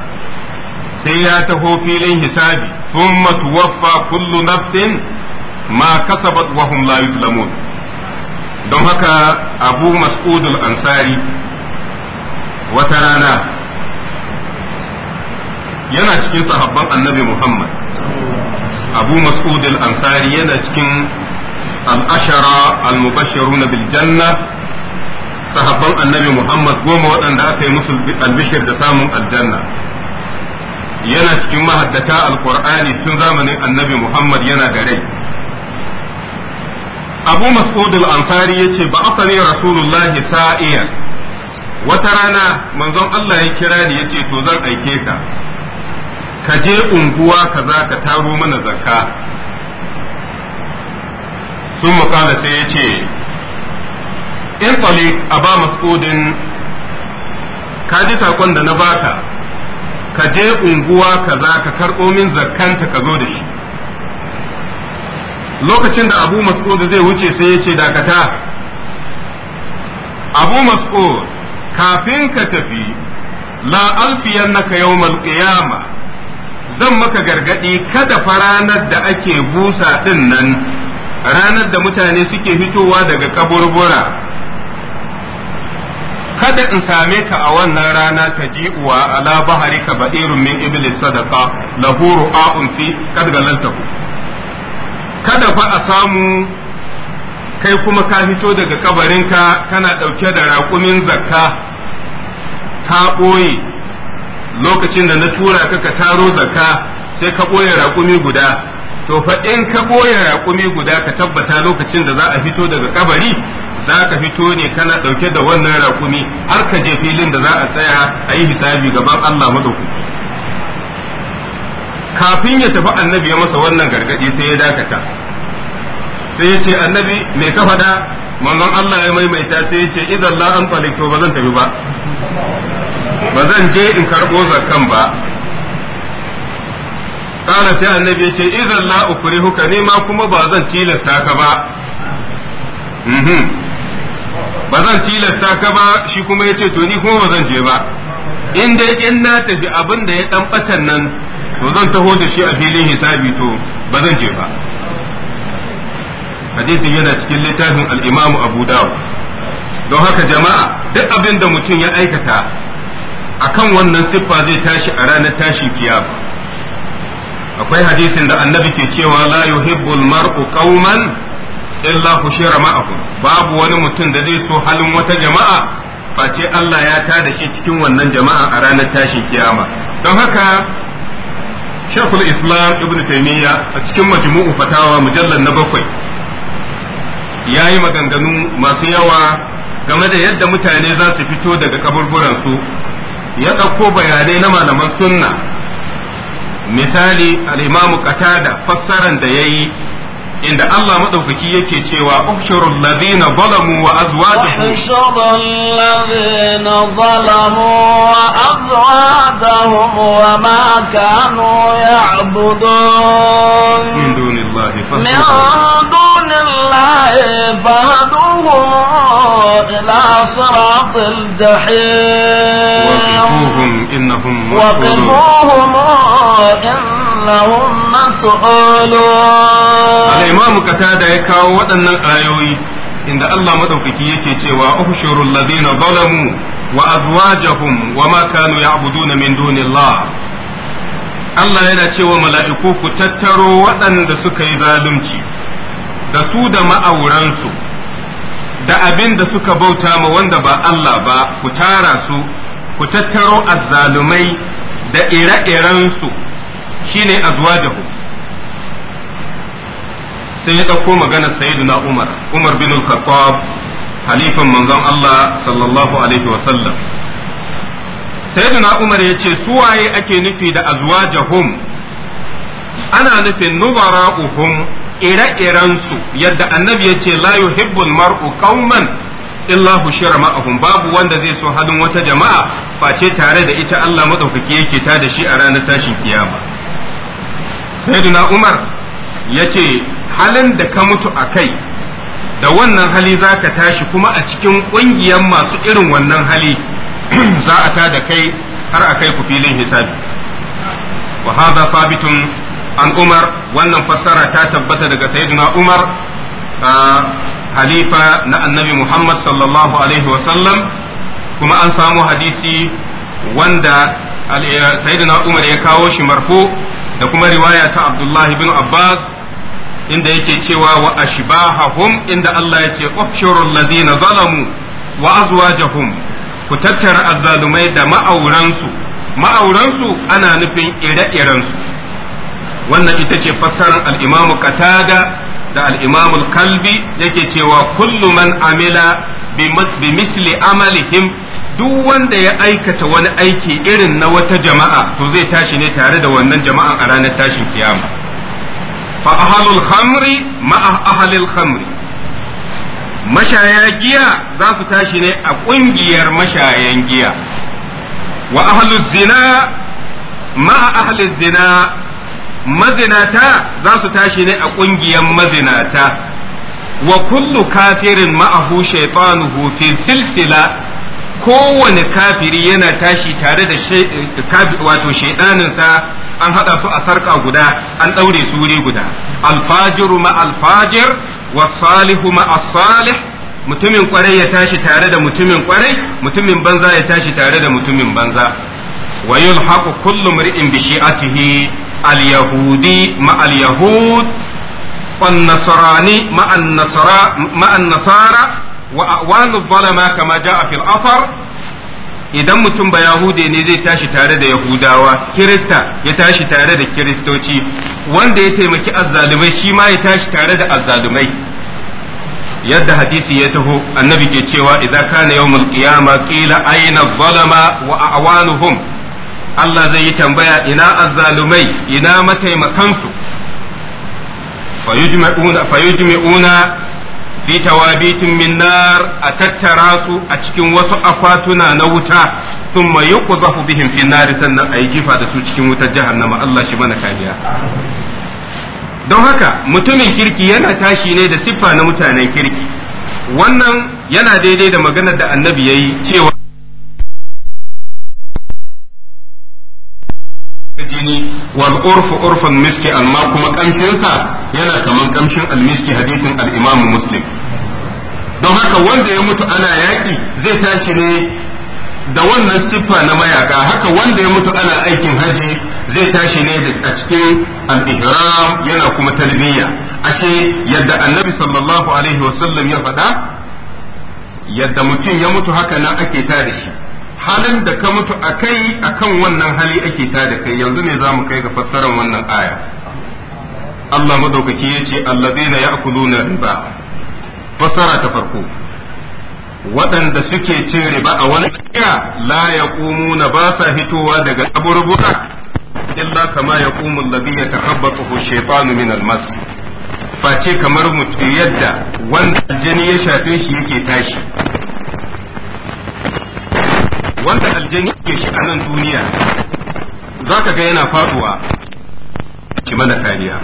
sai ya taho filin hisabi thumma tuwaffa kullu nafsin ma kasabat wa hum la yuzlamun don haka abu mas'ud al-ansari wata rana yana cikin sahabban annabi Muhammad Abu Mas'ud al-Ansari yana cikin al-ashara al-mubashshiruna bil janna sahabban annabi Muhammad goma waɗanda aka yi musu albishir da samun aljanna yana cikin mahaddata al-Qur'ani tun zamanin annabi Muhammad yana da rai abu mas'ud al-ansari yace ba asali rasulullahi sa'iyan wata rana manzon Allah ya kira ni yace to zan aike ka ka je unguwa ka za ka taro mana zakka sun makala sai ya ce in tsali a ba masudin ka ji sakon da na baka ka je unguwa ka za ka karɓo min zakkanta ka zo da shi lokacin da abu mas'ud zai wuce sai ya ce dakata abu mas'ud kafin ka tafi la na naka yau malƙiyama zan maka gargadi kada fa ranar da ake busa din nan ranar da mutane suke fitowa daga kaburbura kada in same ka a wannan rana ta ji'uwa ala bahari ka badirun min iblis sadaka lahu ru'a'un fi kadgalaltahu kada fa a samu kai kuma ka fito daga kabarinka kana dauke da raƙumin zakka ka ɓoye lokacin da na tura ka ka taro zakka sai ka boye raƙumi guda to fa in ka ɓoye raƙumi guda ka tabbata lokacin da za a fito daga kabari za ka fito ne kana ɗauke da wannan raƙumi har ka je filin da za a tsaya a yi hisabi gaban Allah maɗaukaki kafin ya tafi annabi ya masa wannan gargaɗi sai ya dakata sai ya ce annabi me ka faɗa manzon Allah ya maimaita sai ya ce idan la an to ba zan tafi ba ba zan je in karɓo zakan ba kana sai annabi yace idan la ukrihuka ne ma kuma ba zan tilasta ka ba mhm. ba zan tilasta ka ba shi kuma yace to ni kuma ba zan je ba in dai in na tafi abin da ya dan batan nan to zan taho da shi a filin hisabi to ba zan je ba hadisin yana cikin littafin al-Imam Abu Dawud don haka jama'a duk abin da mutum ya aikata akan wannan siffa zai tashi a ranar tashi kiyama akwai hadisin da annabi ke cewa la yuhibbul mar'u qauman illa hushira ma'ahum babu wani mutum da zai so halin wata jama'a face Allah ya tada shi cikin wannan jama'a a ranar tashin kiyama don haka shekul islam ibn taimiyya a cikin majmu'u fatawa mujallar na bakwai ya yi maganganu masu yawa game da yadda mutane za su fito daga kaburburansu ya ɗauko bayanai na malaman sunna misali alimamu imamu qatada fassaran da yayi inda Allah madaukaki yake cewa ukhshurul ladina zalamu wa azwajuhum ukhshurul ladina zalamu wa azwajuhum wa ma kanu ya'budun min dunillahi fa fahduhum ila siratil jahim waqifuhum innahum waqifuhum innahum mas'ulun al-imam ya kawo waɗannan ayoyi inda Allah madaukaki yake cewa ofishin ladina zalamu wa azwajahum wa ma kanu ya'buduna min dunillah Allah yana cewa mala'iku ku tattaro waɗanda suka yi zalunci da su da ma'auransu da abin da suka bauta ma wanda ba Allah ba ku tara su ku tattaro azzalumai da ire-irensu shine azwajahu sai ya ɗauko maganar sayyiduna umar umar bin al-khattab halifan manzon Allah sallallahu alaihi wa sallam sayyiduna umar ya ce suwaye ake nufi da azwajahum ana nufin nubara'uhum ire su yadda annabi ya ce la yuhibbul mar'u qauman illa hushira ma'ahum babu wanda zai so halin wata jama'a face tare da ita Allah madaukaki yake ta da shi a ranar tashin kiyama saiduna umar ya ce halin da ka mutu a kai da wannan hali za ka tashi kuma a cikin ƙungiyar masu irin wannan hali za a ta da kai har a kai ku filin hisabi wa haza sabitun an umar wannan fassara ta tabbata daga sayyidina umar halifa na annabi muhammad sallallahu alaihi wa kuma an samu hadisi wanda eh, sayyidina umar ya kawo shi marfu da kuma riwaya ta Abdullahi bin Abbas inda yake cewa wa ashbahahum inda Allah yake ufshurul ladina zalamu wa azwajahum ku tattara azzalumai da ma'auransu ma'auransu ana nufin ire-irensu wannan ita ce fassarar al kataga Qatada da al-Imam Kalbi yake cewa kullu man amila bi misli amalihim duk wanda ya aikata wani aiki irin na wata jama'a to zai tashi ne tare da wannan jama'an a ranar tashin kiyama fa ahalul khamri ma ahalil khamri mashaya giya za su tashi ne a kungiyar mashayan giya wa ahalul zina ma ahalil zina mazinata za su tashi ne a kungiyar mazinata wa kullu kafirin ma'ahu shaytanuhu fi silsila kowane kafiri yana tashi tare da wato shaidaninsa an haɗa su a sarƙa guda an ɗaure suri wuri guda alfajiru ma alfajir wa salihu ma salih mutumin kwarai ya tashi tare da mutumin kwarai mutumin banza ya tashi tare da mutumin banza wa yulhaqu kullum mar'in bi shi'atihi al ma al-yahud فالنصراني مع النصارى مع النصارى وأعوان الظلمة كما جاء في الأثر idan mutum ba hude ne zai tashi tare da yahudawa kirista ya tashi tare da kiristoci wanda ya taimaki azzalumai shi ma ya tashi tare da azzalumai yadda hadisi ya taho annabi ke cewa idza kana yawmul qiyama qila ayna zalama wa a'wanuhum Allah zai yi tambaya ina azzalumai ina mataimakansu fayujmi'una fi tawabitin min nar a tattara su a cikin wasu akwatuna na wuta thumma yuqzafu bihim fi nar sannan ayi jifa da su cikin wutar jahannama Allah shi mana kariya don haka mutumin kirki yana tashi ne da siffa na mutanen kirki wannan yana daidai da maganar da annabi yayi cewa jini wal urfu urfan miski amma kuma kamshinsa yana kaman kamshin almiski hadisin al imam muslim don haka wanda ya mutu ana yaƙi zai tashi ne da wannan siffa na mayaka haka wanda ya mutu ana aikin haji zai tashi ne a cikin al-ihram yana kuma talbiya ashe yadda annabi sallallahu alaihi wasallam ya faɗa yadda mutum ya mutu haka nan ake tare shi halin da ka mutu a kai a kan wannan hali ake ta da kai yanzu ne za mu kai ga fassarar wannan aya Allah madaukaki ya ce kudu ya'kuluna riba fassara ta farko waɗanda suke cin riba a wani kira la na ba sa hitowa daga kaburbura illa kama ya allazi yatakhabbathu shaytanu min almas face kamar mutu yadda wanda aljani ya shafe shi yake tashi wanda aljani ke shi a nan duniya za ka ga yana faduwa ki mana kariya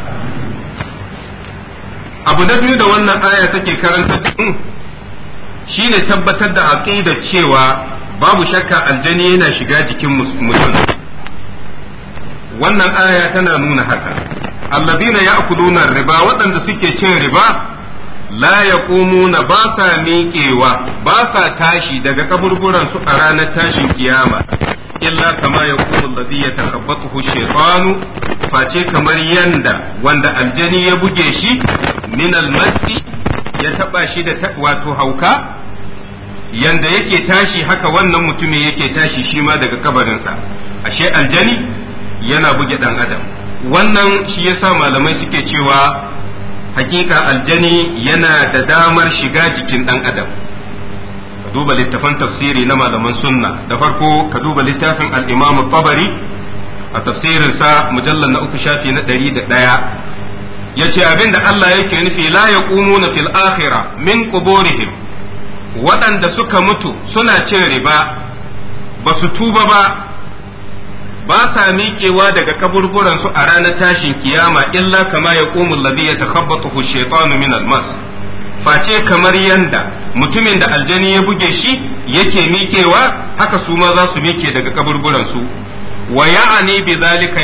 abu na biyu da wannan aya take karanta shi ne tabbatar da aqida cewa babu shakka aljani yana shiga jikin mutum wannan aya tana nuna haka allazina ya'kuluna riba waɗanda suke cin riba la yaqumuna ba sa miƙewa ba sa tashi daga kaburburan su a ranar tashin kiyama illa kama yaqumu alladhi yatakabbathu shaytanu face kamar yanda wanda aljani ya buge shi min almasi ya taba shi da wato hauka yanda yake tashi haka wannan mutumin yake tashi shi ma daga kabarinsa ashe aljani yana buge dan adam wannan shi yasa malamai suke cewa hakika aljani yana da damar shiga jikin ɗan adam ka duba littafan tafsiri na malaman sunna da farko ka duba littafin al-imamu tabari a sa mujallar na uku shafi na ɗari da ɗaya ya ce abin da Allah yake nufi la ya na fil akhira min quburihim waɗanda suka mutu suna cin riba ba su tuba ba ba sa miƙewa daga kaburburan su a ranar tashin kiyama illa kama ya ƙomu ladhi ya min almas face kamar yanda mutumin da aljani ya buge shi yake miƙewa haka su ma za su miƙe daga kaburburan su wa ya'ani bi zalika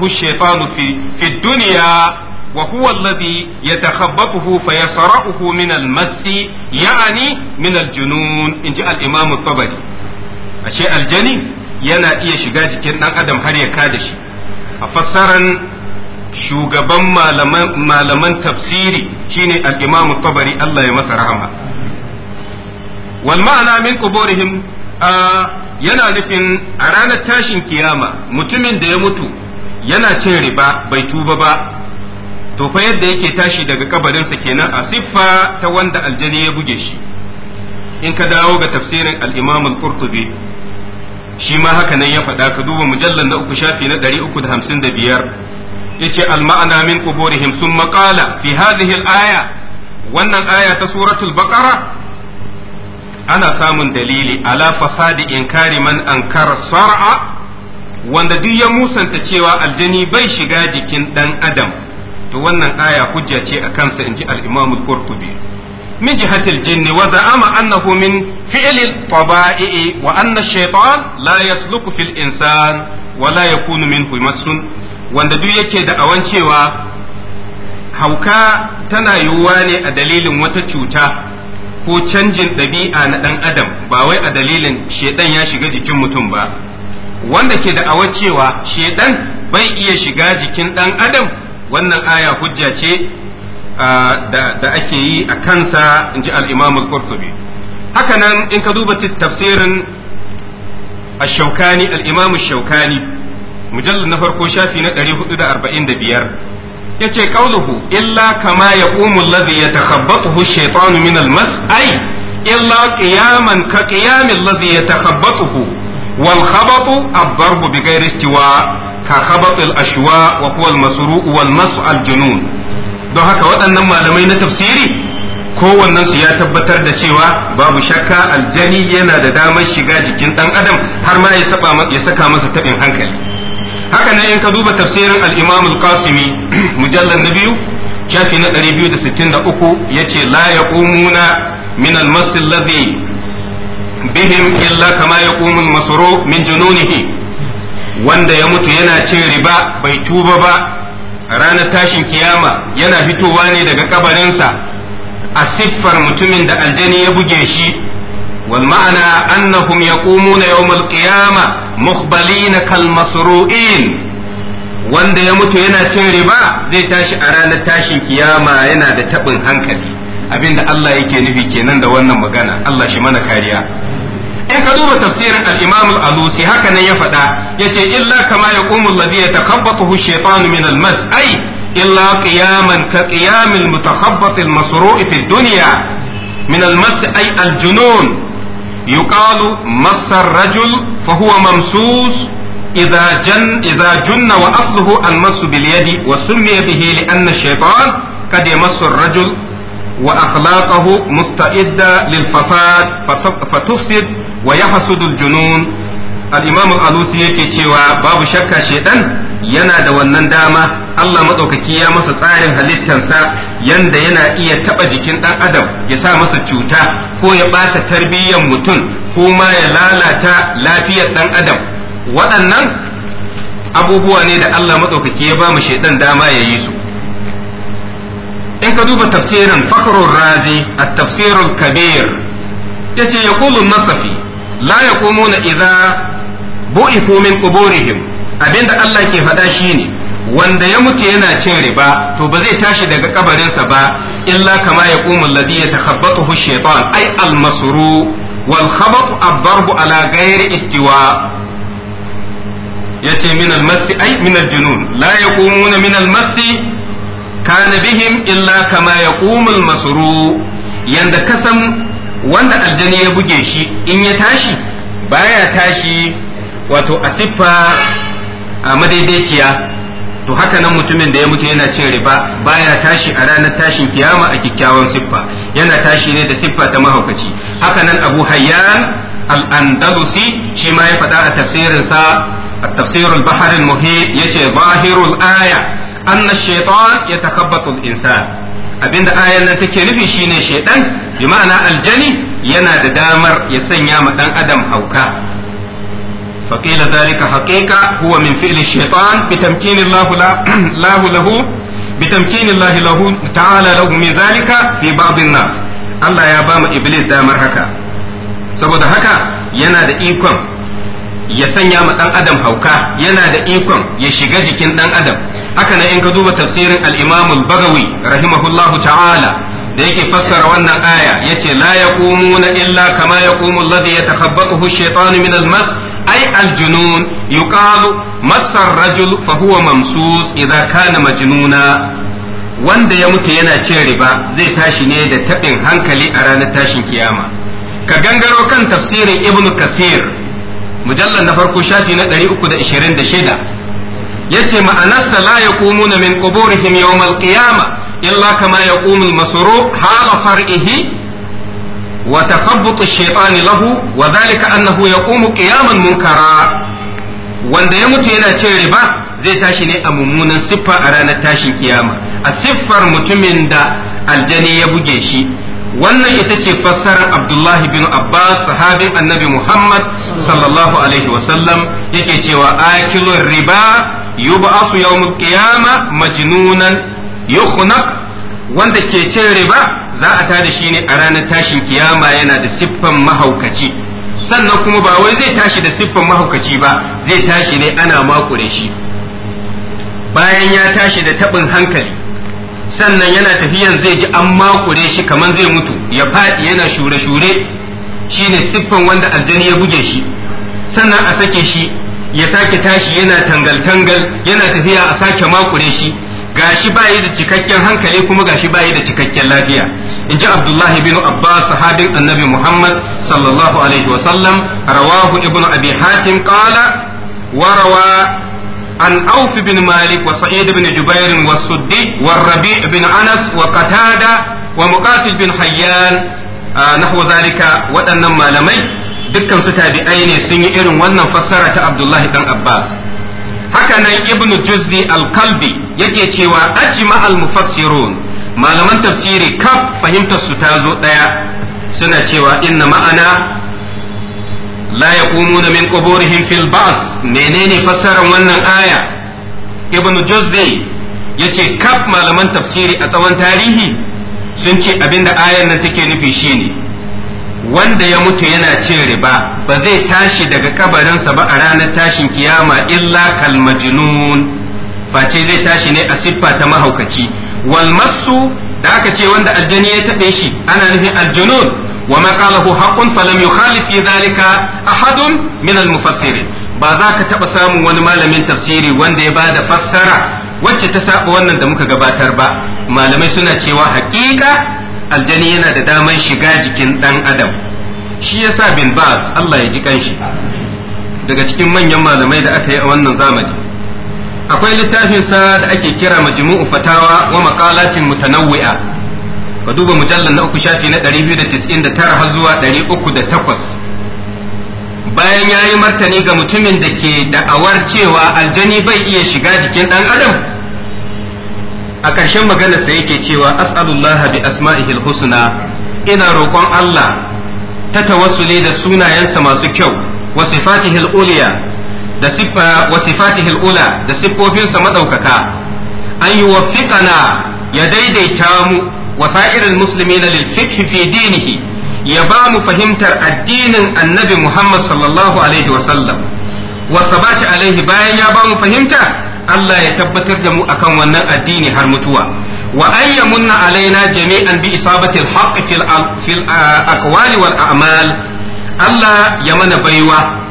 hu, shaytanu fi fi dunya wa huwa alladhi yatakhabbatuhu fa yasra'uhu min almas ya'ani min aljunun inji al-imam at-tabari ashe aljani yana iya shiga jikin ɗan adam har ya kada shi a fassaran shugaban malaman tafsiri shine al-imam tabari Allah ya masa rahama wal ma'ana min quburihim yana nufin a ranar tashin kiyama mutumin da ya mutu yana cin riba bai tuba ba to fa yadda yake tashi daga kabarinsa kenan a siffa ta wanda aljani ya buge shi in ka dawo ga tafsirin al-imam al-qurtubi shi ma haka nan ya faɗa ka duba mujallar na uku shafi na ɗari uku da hamsin da biyar ya ce alma'ana min kuburihim sun maƙala fi hadhihi aya wannan aya ta suratul baqara ana samun dalili ala fasadi inkari man ankara sar'a wanda duk ya musanta cewa aljani bai shiga jikin dan adam to wannan aya hujja ce a kansa inji al-imam al-qurtubi من جهة الجن وزعم أنه من فعل الطبائع وأن الشيطان لا يسلك في الإنسان ولا يكون منه مس wanda duk yake da awan hauka tana yiwuwa ne a dalilin wata cuta ko canjin ɗabi'a na ɗan adam ba wai a dalilin shedan ya shiga jikin mutum ba wanda ke da awan cewa shedan bai iya shiga jikin ɗan adam wannan aya hujja ce da ake yi a kansa in ji al'imam al-qurtubi hakanan in ka duba tafsirin a shaukani al shaukani mujallar na farko shafi na 445 ya ce ƙauluhu illa kama ya umul ladhi ya takhabbatuhu shaitanu min almas ai illa qiyaman ka qiyamin ladhi ya wal khabatu ad bi ka khabatil ashwa wa huwa al-masru'u wal mas'al junun don haka waɗannan malamai na tafsiri kowannen su ya tabbatar da cewa babu shakka aljani yana da damar shiga jikin ɗan adam har ma ya saka masa taɓin hankali haka nan in ka duba tafsirin al al-qasimi mujallar na biyu shafi na 263 yace la yaqumuna min al-mas bihim illa kama yaqumu al masoro, min jununihi wanda ya mutu yana cin riba bai tuba ba ranar tashin kiyama yana fitowa ne daga kabarinsa a siffar mutumin da aljani ya buge shi wal ma'ana annahum yaqumuna yawmal qiyama mukhbalina kal masru'in wanda ya mutu yana cin riba zai tashi a ranar tashin kiyama yana da tabin hankali abinda Allah yake nufi kenan da wannan magana Allah shi mana kariya in ka duba tafsirin al-Imam al-Alusi haka nan ya faɗa yace illa kama yaqumu alladhi yatakhabbathu ash shaytanu min al-mas ay illa qiyaman ka qiyamil mutakhabbat al-masru'i fi ad dunya min al-mas ay al-junun yuqalu massa ar-rajul fa huwa mamsus إذا جن إذا جن وأصله المس باليد وسمي به لأن الشيطان قد يمس الرجل وأخلاقه مستعدة للفساد فتفسد wa yahsudul junun al-imam al-alusi yake cewa babu shakka shedan yana da wannan dama Allah madaukaki ya masa tsarin halittarsa yanda yana iya taba jikin dan adam ya sa masa cuta ko ya bata tarbiyyar mutum ko ma ya lalata lafiyar dan adam waɗannan abubuwa ne da Allah madaukaki ya ba mu shedan dama ya yi su in ka duba tafsirin Fakron razi a tafsirin kabir yace ce ya kulun nasafi la yaqumuna idza bu'ifu min quburihim abinda Allah ke faɗa shine wanda ya mutu yana cin riba to ba zai tashi daga kabarinsa ba illa kama ya ƙumun ladhi ya istiwa yace min almasi ai illa kama yanda kasan wanda aljani ya buge shi in ya tashi baya tashi wato a siffa a madaidaiciya to haka nan mutumin da ya mutu yana cin riba baya tashi a ranar tashin kiyama a kyakkyawan siffa yana tashi ne da siffa ta mahaukaci haka nan abu hayyan al-andalusi shi ma ya faɗa a tafsirinsa a tafsirul baharin muhi yace zahirul aya anna shaitan ya al-insan abinda ayan nan take nufi shine shaidan bi ma'ana aljani yana da damar ya sanya ma dan adam hauka فقيل ذلك حقيقة هو من فعل الشيطان بتمكين الله له له بتمكين الله له تعالى له من ذلك في بعض الناس الله يا بام إبليس دامر هكا سبب هكا ينادى إيكم ya sanya ma dan adam hauka yana da ikon ya shiga jikin dan adam haka na in ka duba tafsirin al-Imam al-Baghawi rahimahullahu ta'ala da yake fassara wannan aya yace la yaqumuna illa kama yaqumu alladhi yatakhabbathu ash-shaytanu min al-mas ay al-junun yuqalu massa ar-rajul fa huwa mamsus idha kana majnuna wanda ya mutu yana cin riba zai tashi ne da tabin hankali a ranar tashin kiyama ka gangaro kan tafsirin ibnu kasir mujallar na farko shafi na 326 yace ma'anarsa la yaqumuna min quburihim yawm al-qiyamah illa kama yaqumu al-masruq hala far'ihi wa taqabbut ash lahu wa annahu ya yaqumu ƙiyaman munkara wanda ya mutu yana cin riba zai tashi ne a mummunan siffa a ranar tashin kiyama a siffar mutumin da aljani ya buge shi wannan ita ce fassarar abdullahi bin abbas sahabin annabi muhammad sallallahu alaihi wasallam yake cewa akilun riba yub'asu yawmul qiyama majnunan yukhnaq wanda ke cin riba za a tada shi ne a ranar tashin kiyama yana da siffan mahaukaci sannan kuma ba wai zai tashi da siffan mahaukaci ba zai tashi ne ana makure shi bayan ya tashi da taɓin hankali sannan yana tafiyan zai ji an makure shi kamar zai mutu ya faɗi yana shure-shure shine siffan wanda aljani ya buge shi sannan a sake shi ya sake tashi yana tangal-tangal yana tafiya a sake makure shi gashi bayi da cikakken hankali kuma gashi bayi da cikakken lafiya in ji abdullahi bin abbas sahabin annabi muhammad sallallahu alaihi sallam rawahu ibnu abi hatim qala وروى عن أوف بن wa وسعيد بن جبير والسدي والربيع بن أنس وقتادة ومقاتل بن حيان نحو ذلك وأنما لمي dukkan su tabi'ai sun yi irin wannan fassara ta Abdullahi dan Abbas haka nan Ibn Juzzi al-Kalbi yake cewa ajma al-mufassirun malaman tafsiri kaf fahimtar su ta zo ɗaya suna cewa inna ma'ana la yaqumuna min quburihim fil ba's menene fassarar wannan aya ibnu juzay yace kaf malaman tafsiri a tsawon tarihi sun ce abinda ayar nan take nufi shine wanda ya mutu yana cin riba ba zai tashi daga kabarinsa ba a ranar tashin kiyama illa kalmajinun face zai tashi ne a siffa ta mahaukaci walmasu da aka ce wanda aljani ya taɓe shi ana nufin aljanun وما قاله حق فلم يخالف في ذلك أحد من المفسرين ba za ka taɓa samun wani malamin tafsiri wanda ya da fassara wacce ta saba wannan da muka gabatar ba malamai suna cewa hakika aljani yana da daman shiga jikin ɗan adam shi yasa bin bas Allah ya ji kanshi daga cikin manyan malamai da aka yi a wannan zamani akwai littafinsa da ake kira majmu'u fatawa wa maqalatin mutanawwi'a ka duba mujallar na uku shafi na 299 har zuwa 308 bayan ya yi martani ga mutumin da ke da'awar cewa aljani bai iya shiga jikin ɗan adam a ƙarshen maganarsa yake cewa as'alullah bi asma'ihil husna ina roƙon Allah ta tawassule da sunayensa masu kyau wa sifatihil uliya da siffa wa sifatihil ula da siffofinsa madaukaka an yi fitana ya daidaita mu wa sa'irin musulmi na lilfiqhi fi dinihi ya ba mu fahimtar addinin annabi Muhammad sallallahu alaihi wa sallam wa alaihi bayan ya ba mu fahimta Allah ya tabbatar da mu akan wannan addini har mutuwa wa an yamunna alaina jami'an bi isabati al-haqq fil aqwali wal a'mal Allah ya mana baiwa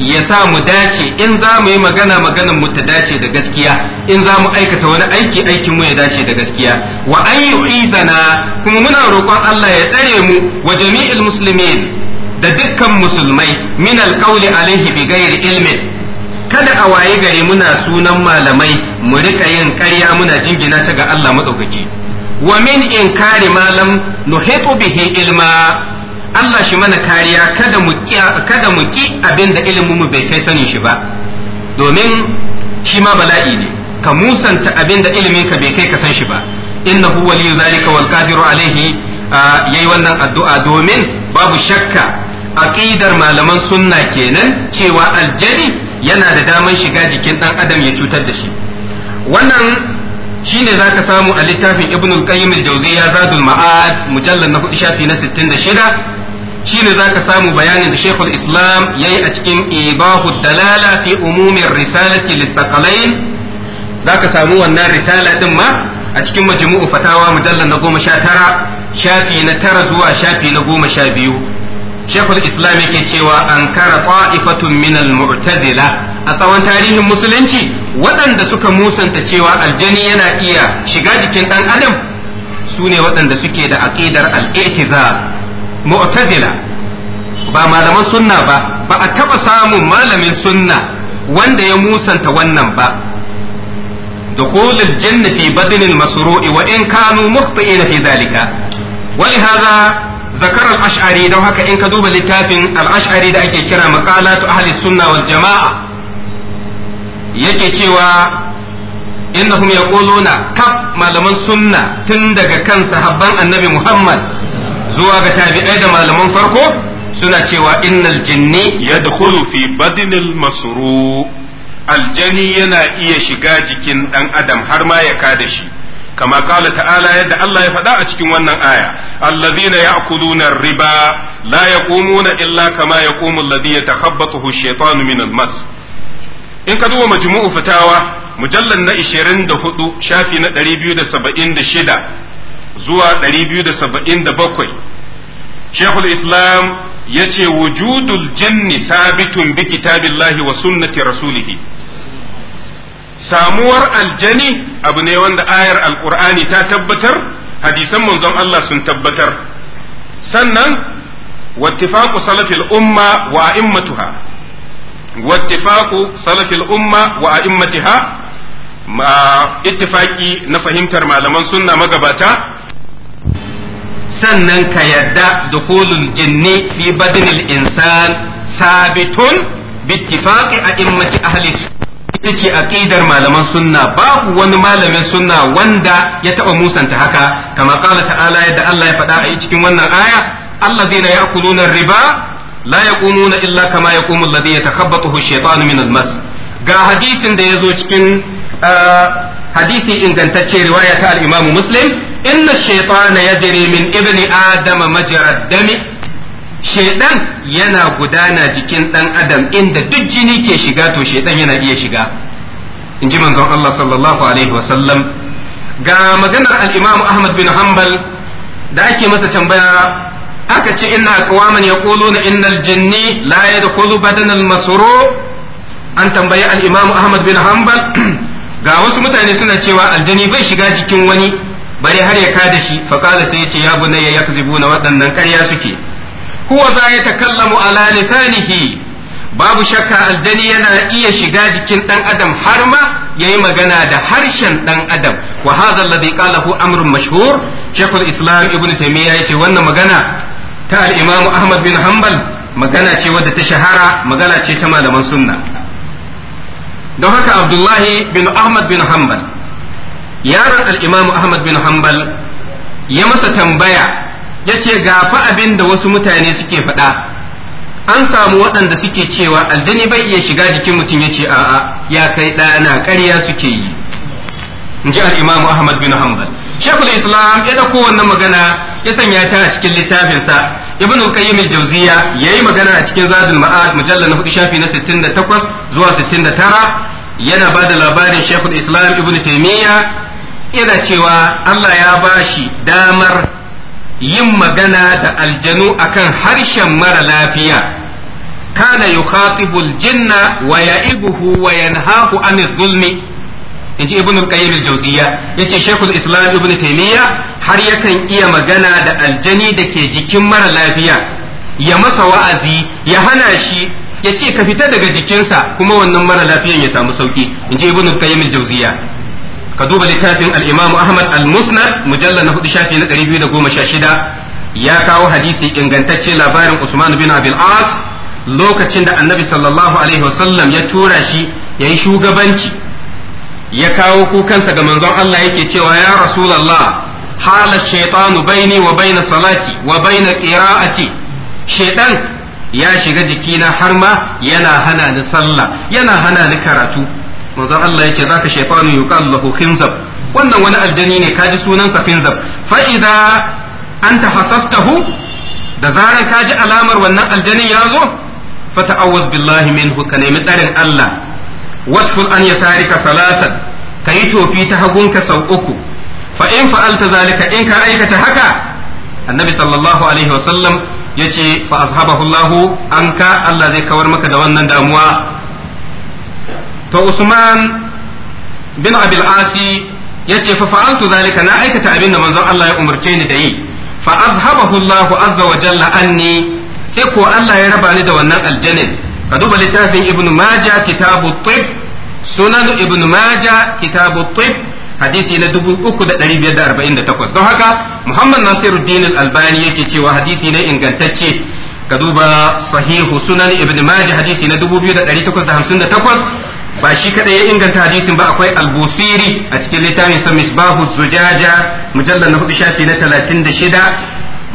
ya sa mu dace in za mu yi magana maganan mu ta dace da gaskiya in za mu aikata wani aiki aikin mu ya dace da gaskiya wa an zana, kuma muna roƙon Allah ya tsare mu wa jami'il muslimin da dukkan musulmai min alƙawli alaihi bi ghairi ilmin kada a waye gare muna sunan malamai mu rika yin ƙarya muna jingina ta ga Allah madaukaki wa min inkari malam nuhitu bihi ilma Allah shi mana kariya kada mu kada mu ki abin ilimin mu bai kai sanin shi ba domin shi ma bala'i ne ka musanta abinda da ilimin ka bai kai ka san shi ba Inna huwa waliyu zalika wal kafiru alaihi yayi wannan addu'a domin babu shakka aqidar malaman sunna kenan cewa aljani yana da daman shiga jikin dan adam ya cutar da shi wannan shine zaka samu a littafin ibnul al-Qayyim al-Jawziyya Zadul Ma'ad mujallal na 4 shafi na 66 shine zaka samu bayanin da Sheikhul Islam ya yi a cikin Ibahu da fi umumin risalati lisaqalain zaka samu wannan risala din ma a cikin majmu'u fatawa mujallal na goma sha tara shafi na tara zuwa shafi na goma sha biyu Sheikhul Islam yake cewa an kara ta'ifatun min al-mu'tazila a tsawon tarihin musulunci waɗanda suka musanta cewa aljani yana iya shiga jikin ɗan adam su ne waɗanda suke da akidar al-i'tizal mu'tazila ba malaman sunna ba ba a taba samun malamin sunna wanda ya musanta wannan ba دخول الجنة في بدن المسروع وإن كانوا مخطئين في ذلك ولهذا ذكر الأشعري لو هكا إن كدوب لتافن الأشعري دا أكي كرا مقالات أهل السنة والجماعة يكي innahum yaquluna kaf malaman sunna tun daga kan sahabban annabi Muhammad zuwa ga tabi'ai da malaman farko suna cewa innal jinni yadkhulu fi badnil masru aljani yana iya shiga jikin dan adam har ma ya kada shi kama kala ta'ala yadda Allah ya faɗa a cikin wannan aya allazina ya'kuluna riba la yaqumuna illa kama yaqumu alladhi yatakhabbathu ash-shaytanu min al-mas in ka duba majmu'u fitawa mujallal na 24 shafi na 276 zuwa 277 shekul islam ya ce wujudul jinni sabitun bi kitabillahi wa sunnati rasulihi samuwar aljani abu ne wanda ayar alkur'ani ta tabbatar hadisan manzon Allah sun tabbatar sannan wattifaqu salafil umma wa a'immatuha wattifaqu salafil umma wa a'immatiha ittifaki na fahimtar malaman sunna magabata sannan ka yadda dukulul jinni fi badnil insan sabitun a a'immati ahli ita ce aqidar malaman sunna babu wani malamin sunna wanda ya taɓa musanta haka kama qala ta'ala yadda Allah ya faɗa a cikin wannan aya Allah alladhina ya'kuluna riba la yaqumuna illa kama yaqumu alladhi yatakhabbathu ash-shaytanu min al ga hadisin da ya zo cikin ah, hadisi ingantacce riwaya ta al imamu Muslim inna na ya jire min ibni adama majarar dami shaidan yana gudana jikin ɗan adam inda duk jini ke shiga to shaidan yana iya shiga in ji manzon Allah sallallahu alaihi wasallam ga maganar al-imam Ahmad bin Hanbal da ake masa tambaya aka ce inna aqwaman yaquluna innal jinni la yadkhulu badanal masru an tambayi al-imam Ahmad bin Hanbal ga wasu mutane suna cewa aljani bai shiga jikin wani Mari har ya kada shi faqala sai yace ya bunayya yakzibuna waɗannan ƙarya suke huwa za ya takallamu ala lisanihi babu shakka aljani yana iya shiga jikin dan adam har ma yayi magana da harshen dan adam wa hadha alladhi qalahu amrun mashhur shaykhul islam ibn taymiya yace wannan magana ta al-imam ahmad bin hanbal magana ce wadda ta shahara magana ce ta malaman sunna don haka abdullahi bin ahmad bin hanbal yaron al Ahmad bin Hanbal ya masa tambaya yace ga fa abin da wasu mutane suke faɗa an samu waɗanda suke cewa aljini bai iya shiga jikin mutum yace a'a ya kai ɗana ƙarya suke yi in ji al Ahmad bin Hanbal Shekul Islam ya ɗauko wannan magana ya sanya ta a cikin littafinsa ibn al-qayyim al-jawziya yayi magana a cikin zadul ma'ad mujallal na 4 shafi na 68 zuwa 69 yana bada labarin shaykhul islam ibn taymiya yana cewa Allah ya ba shi damar yin magana da aljanu akan harshen mara lafiya kana yukhatibu aljinna wa ya'ibuhu wa yanhahu anil zulmi inji ibn al-qayyim al-jawziyya yace shaykhul islam ibn Taimiyya har yakan iya magana da aljani da ke jikin mara lafiya ya masa wa'azi ya hana shi ya ce ka fita daga jikinsa kuma wannan mara lafiyan ya samu sauki inji ibn qayyim al ka duba littafin al Ahmad al-Musnad mujallal na hudu shafi na 216 ya kawo hadisi ingantacce labarin Usman bin Abil As lokacin da Annabi sallallahu alaihi wasallam ya tura shi ya yi shugabanci ya kawo kukansa ga manzon Allah yake cewa ya Rasulallah. hala shaytanu baini wa baina salati wa baina qira'ati shaytan ya shiga jikina har ma yana hana ni sallah yana hana ni karatu manzon Allah yake zaka shaytanu yuqal lahu khinzab wannan wani aljani ne kaji sunan sa khinzab fa idza anta hasastahu da zaran kaji alamar wannan aljanin ya zo fa ta'awwaz billahi minhu ka nemi tsarin Allah wasful an yasarika salatan kayi tofi ta hagunka sau uku fa in fa'alta zalika in ka aikata haka annabi sallallahu alaihi wasallam yace fa azhabahu Allah anka Allah zai kawar maka da wannan damuwa to usman bin abil asi yace fa fa'altu zalika na aikata abin da manzon Allah ya umarce ni da yi fa azhabahu Allah azza wa jalla anni sai ko Allah ya raba ni da wannan aljanin ka duba littafin ibnu majah kitabu tib sunan ibnu majah kitabu tib hadisi na 3548 don haka muhammad nasiruddin al-albani yake cewa hadisi ne ingantacce ka duba sahihu sunan ibn majah hadisi na 2858 ba shi kaɗai ya inganta hadisin ba akwai albusiri a cikin littafin sa misbahu zujaja mujallal na hudu shafi na talatin da shida.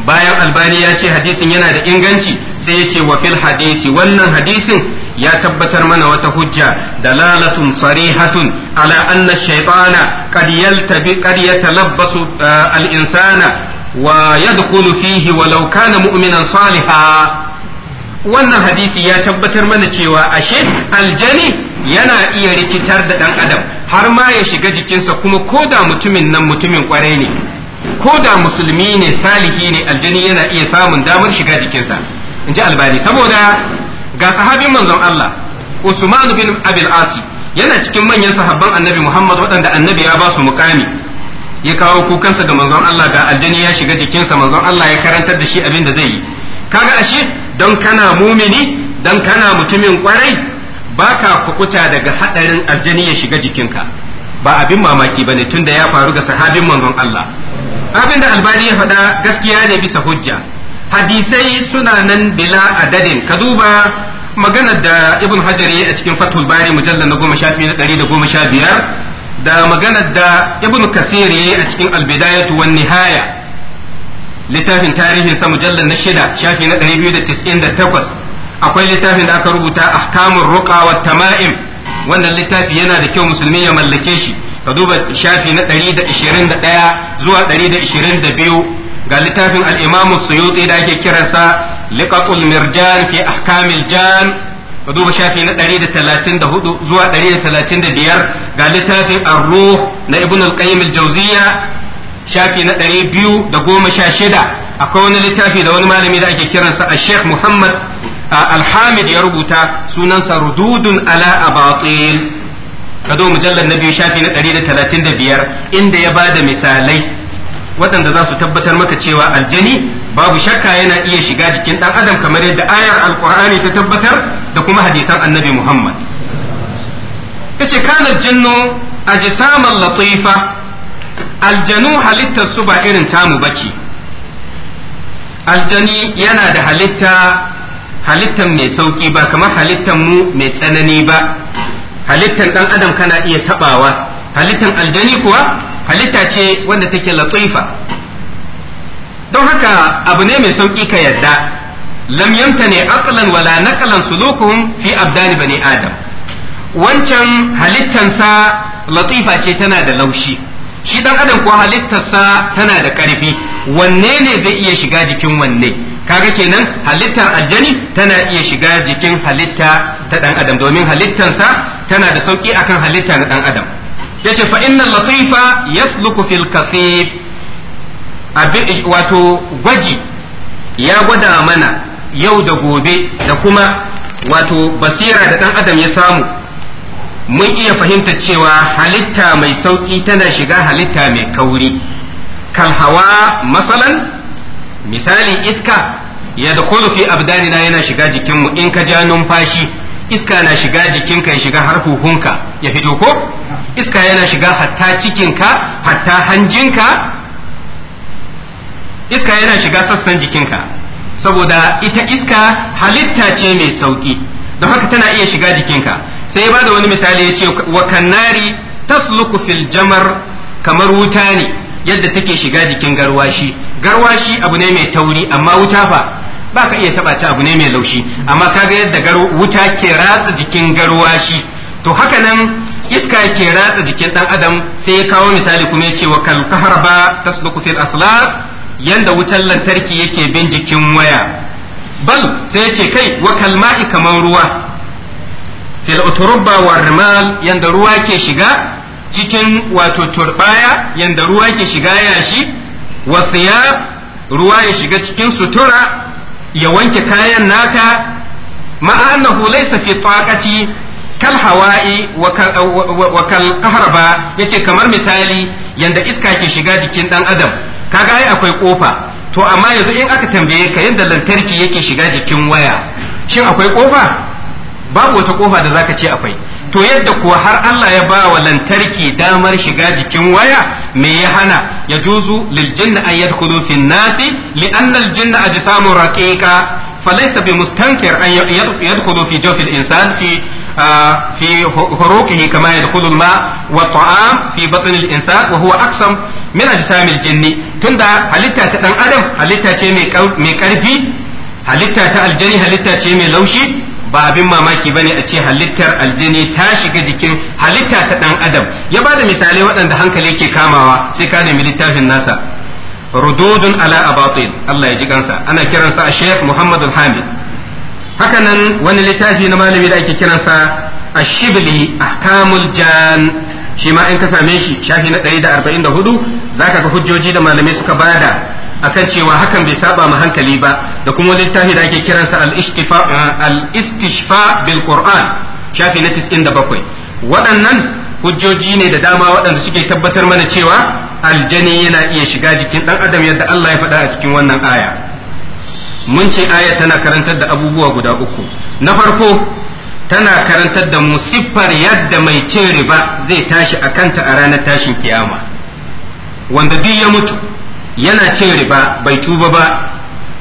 bayan albani ya ce hadisin yana da inganci sai ya ce wa hadisi wannan hadisin ya tabbatar mana wata hujja dalalatun sarihatun ala anna shaytana qad yaltabi qad yatalabbasu eh, al-insana wa yadkhulu fihi walau kana mu'minan salihan wannan hadisi ya tabbatar mana cewa ashe aljani yana iya rikitar da ɗan adam har ma ya shiga jikinsa kuma ko da mutumin nan mutumin kwarai ne ko da musulmi ne salihi ne aljani yana iya samun damar shiga jikinsa in ji albani saboda ga sahabin manzon Allah Usman bin Abil Asi yana cikin manyan sahabban annabi Muhammad waɗanda annabi ya ba su mukami ya kawo kukansa ga manzon Allah ga aljani ya shiga jikinsa manzon Allah ya karantar da shi abin da zai yi kaga ashe don kana mumini don kana mutumin kwarai ba ka kukuta daga hadarin aljani ya shiga jikinka ba abin mamaki ba bane tunda ya faru ga sahabin manzon Allah abin da albani ya faɗa gaskiya ne bisa hujja hadisai suna nan bila adadin ka duba maganar da ibn hajar ya a cikin fathul bari mujallal na goma sha na ɗari da goma sha biyar da maganar da ibn kasir ya a cikin albidayatu wan nihaya littafin tarihin sa mujallal na shida shafi na ɗari biyu da tis'in da takwas akwai littafin da aka rubuta ahkamur ruqa wa tama'im wannan littafi yana da kyau musulmi ya mallake shi ka duba shafi na 121 zuwa 122 ga littafin al-Imam Suyuti da ake kiransa liqatul mirjan fi ahkamil jan ka duba shafi na 134 zuwa 135 ga littafin ar-ruh na Ibn al-Qayyim al-Jawziyya shafi na 216 akwai wani littafi da wani malami da ake kiransa a Sheikh Muhammad Alhamid ya rubuta sunansa Rududun ala abatil kado mujallar na biyu shafi na 135 inda ya ba da misalai waɗanda za su tabbatar maka cewa aljani babu shakka yana iya shiga jikin ɗan adam kamar yadda ayar alkur'ani ta tabbatar da kuma hadisan annabi Muhammad. yace kana jinnu saman latifa aljanu halittar su ba irin tamu bace aljani yana da halitta halittan mai sauki ba kamar halittan mu mai tsanani ba halittan dan adam kana iya tabawa halittan aljani kuwa halitta ce wanda take latifa don haka abu ne mai sauki ka yadda lam yamtani aqlan wala naqlan sulukuhum fi abdani bani adam wancan halittansa latifa ce tana da laushi shi dan adam ko halittarsa tana da karfi wanne ne zai iya shiga jikin wanne kaga kenan halittar aljani tana iya shiga jikin halitta ta dan adam domin sa tana da sauki akan halitta na dan adam yace fa inna latifa yasluku fil kasif wato gwaji ya gwada mana yau da gobe da kuma wato basira da dan adam ya samu mun iya fahimta cewa halitta mai sauki tana shiga halitta mai kauri kal hawa masalan misali iska ya da fi abdanina yana shiga jikinmu in ka ja numfashi iska na shiga jikinka ya shiga har huhunka ya fito ko iska yana shiga hatta cikinka hatta hanjinka iska yana shiga sassan jikinka saboda ita iska halitta ce mai sauki don haka tana iya shiga jikinka sai ba da wani misali ya ce wa kannari tasluku fil jamar kamar wuta ne yadda take shiga jikin garwashi garwashi abu ne mai tauri amma wuta fa ba ka iya taba ta abu ne mai laushi amma kaga yadda wuta ke ratsa jikin garwashi to haka nan iska ke ratsa jikin dan adam sai ya kawo misali kuma ya ce wa kal kaharba tasluku fil aslab yanda wutar lantarki yake bin jikin waya bal sai ya ce kai wa kalma'i kamar ruwa fil utruba war rimal yanda ruwa ke shiga cikin wato turbaya yanda ruwa ke shiga yashi wasiya ruwa ya shiga cikin sutura ya wanke kayan naka ma'annahu laysa fi taqati kal hawa'i wa kal qahraba yace kamar misali yanda iska ke shiga jikin dan adam kaga ai akwai kofa to amma yanzu in aka tambaye ka yanda lantarki yake shiga jikin waya shin akwai kofa babu wata kofa da zaka ce akwai to yadda kuwa har Allah ya bawa lantarki damar shiga jikin waya me ya hana ya juzu lil jinna an yadkhulu fi nasi li anna al jinna ajsamu raqiqa falaysa bi mustankir an yadkhulu fi jawfi al insan fi في هروقه كما يدخل الماء والطعام في بطن الإنسان وهو أقسم من أجسام الجن تندى halitta ta ɗan adam halitta ce mai ƙarfi halitta ta aljani halitta ce mai laushi ba abin mamaki ba ne a ce halittar aljini ta shiga jikin halitta ta ɗan adam ya ba da misalai waɗanda hankali ke kamawa sai ka nemi littafin nasa rududun ala abatil Allah ya ji kansa ana kiransa a Sheikh Muhammadu Hamid hakanan wani littafi na malami da ake kiransa a shibli ahkamul jan shi ma in ka same shi shafi na 144 zaka ga hujjoji da malamai suka bada akan cewa hakan bai saba ma hankali ba da kuma littafi da ake kiransa eh, al-istishfa bil Qur'an shafi na 97 waɗannan hujjoji ne da dama waɗanda suke tabbatar mana cewa aljani yana iya shiga jikin ɗan adam yadda Allah ya faɗa a cikin wannan aya mun ce aya tana karantar da abubuwa guda uku na farko tana karantar da mu siffar yadda mai cin riba zai tashi a kanta a ranar tashin kiyama wanda duk ya mutu yana cin riba bai tuba ba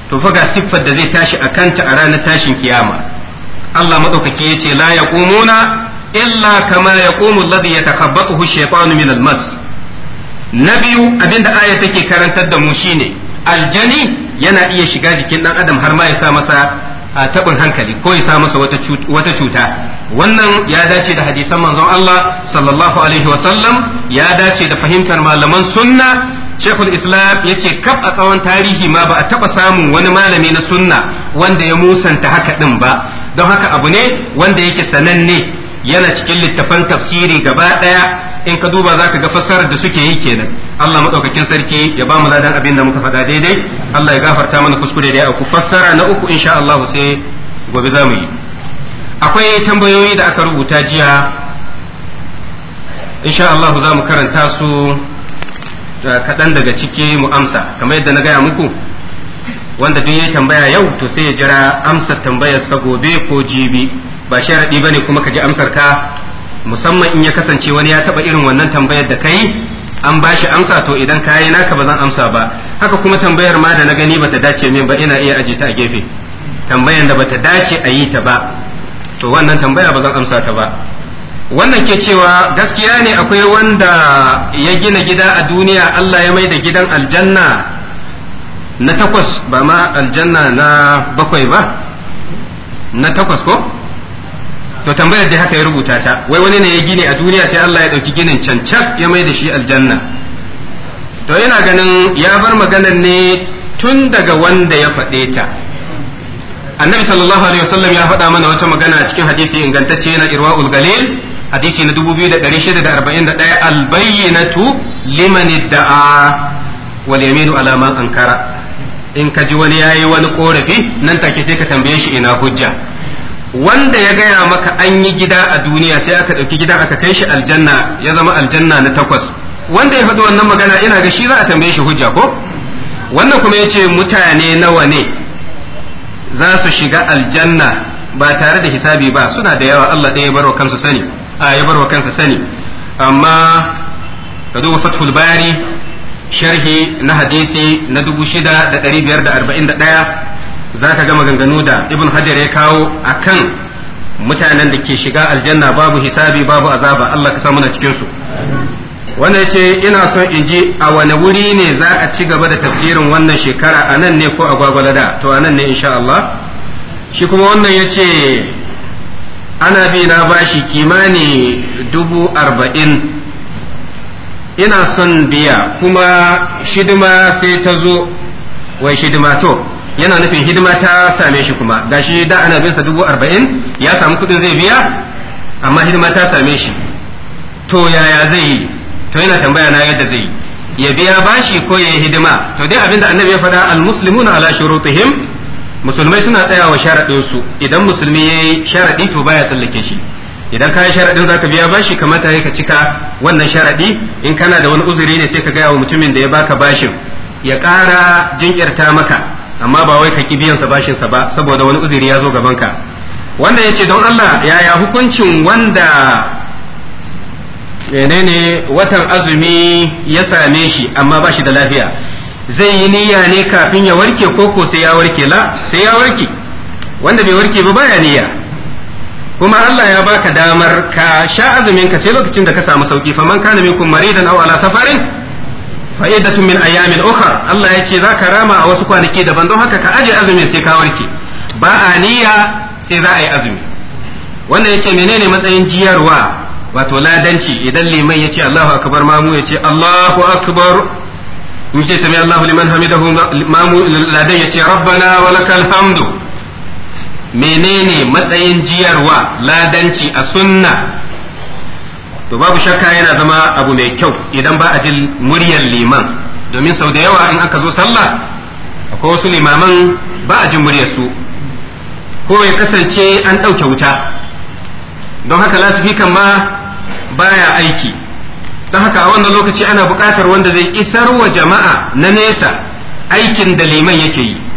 to fa ga siffar da zai tashi a kanta a ranar tashin kiyama Allah ya yace la yaqumuna illa kama yaqumu alladhi yatakhabbathu ash-shaytanu min almas. na biyu abinda aya take karantar da mu shine aljani yana iya shiga jikin ɗan adam har ma ya sa masa a tabin hankali ko ya sa masa wata cuta wannan ya dace da hadisan manzon Allah sallallahu alaihi wasallam ya dace da fahimtar malaman sunna shekul islam ya kaf a tsawon tarihi ma ba a taba samun wani malami na sunna wanda ya musanta haka din ba don haka abu ne wanda yake sananne yana cikin littafan tafsiri gaba daya in ka duba zaka ga fassarar da suke yi kenan Allah maɗaukakin sarki ya ba mu ladan abin da muka faɗa daidai Allah ya gafarta mana kuskure da ya ku fassara na uku insha Allah sai gobe za mu yi akwai tambayoyi da aka rubuta jiya insha Allah za mu karanta su eh, kaɗan daga ciki mu amsa kamar yadda na gaya muku wanda duk yayi tambaya yau to sai ya jira amsar tambayar sa gobe ko jibi ba sharadi bane kuma ka ji amsar ka musamman in ya kasance wani ya taba irin wannan tambayar da kai an ba shi amsa to idan kayi naka ba zan amsa ba haka kuma tambayar ma da na gani bata dace min ba ina iya aje ta a gefe tambayar da bata dace a yi ta ba to wannan tambaya ba zan amsa ta ba wannan ke cewa gaskiya ne akwai wanda ya gina gida a duniya Allah ya mai da gidan aljanna na takwas ba ma aljanna na bakwai ba na takwas ko to tambayar da haka ya rubuta ta wai wani ne ya gine a duniya sai Allah ya ɗauki ginin cancan ya mai da shi aljanna to yana ganin ya bar maganar ne tun daga wanda ya faɗe ta annabi sallallahu alaihi wasallam ya faɗa mana wata magana cikin hadisi ingantacce na irwaul galil hadisi na 2641 albayyinatu liman da'a wal yaminu ala man ankara in ka ji wani yayi wani korafi nan take sai ka tambaye shi ina hujja wanda ya gaya maka an yi gida a duniya sai aka ɗauki gida aka kai shi aljanna ya zama aljanna na takwas wanda ya faɗi wannan magana ina ga shi za a tambaye shi hujja ko wannan kuma ya ce mutane nawa ne za su shiga aljanna ba tare da hisabi ba suna da yawa Allah ɗaya ya barwa kansa sani a ya barwa kansa sani amma ka duba fathul bari sharhi na hadisi na ɗaya za ka gama ganganu da ibn hajar ya kawo a kan mutanen da ke shiga aljanna babu hisabi babu azaba Allah ka samu na cikinsu wannan ce ina son in ji a wani wuri ne za a ci gaba da tafsirin wannan shekara a nan ne ko a gwagwalada to a nan ne insha Allah shi kuma wannan ya ce ana bi na bashi kimani dubu arba'in ina son biya kuma shidima sai ta zo wai shidima to yana nufin hidima ta same shi kuma gashi da ana bin sa dubu arba'in ya samu kudin zai biya amma hidima ta same shi to yaya zai yi to yana tambaya na yadda zai yi ya biya bashi ko ya yi hidima to dai abinda annabi ya faɗa almuslimuna ala shurutihim musulmai suna tsayawa sharaɗin su idan musulmi ya yi sharaɗi to baya tsallake shi idan ka yi sharaɗin zaka biya bashi kamata ka cika wannan sharaɗi in kana da wani uzuri ne sai ka gaya wa mutumin da ya baka bashin ya ƙara jinkirta maka amma ba wai ka ki biyan sa bashin sa ba saboda wani uzuri ya zo gaban ka wanda yace don Allah yaya hukuncin wanda menene watan azumi ya same shi amma bashi da lafiya zai yi niyya ne kafin ya warke ko ko sai ya warke la sai ya warke wanda bai warke ba baya niyya kuma Allah ya baka damar ka sha azumin ka sai lokacin da ka samu sauki faman kana minkum maridan aw ala safarin fa iddatun min ayamin ukhra Allah ya ce zaka rama a wasu kwanaki daban don haka ka aje azumin sai ka warke ba a niyya sai za a yi azumi wanda yace menene matsayin jiyarwa wato ladanci idan liman yace Allahu akbar mamu yace Allahu akbar in ce sami Allahu liman hamidahu mamu ladan yace rabbana wa hamdu menene matsayin jiyarwa ladanci a sunna to babu shakka yana zama abu mai kyau idan ba a jin muryar liman domin sau da yawa in aka zo sallah akwai wasu limaman ba a jin muryar su. ko ya kasance an ɗauke wuta don haka lasifikan ma baya aiki don haka a wannan lokaci ana buƙatar wanda zai isar wa jama'a na nesa aikin da liman yake yi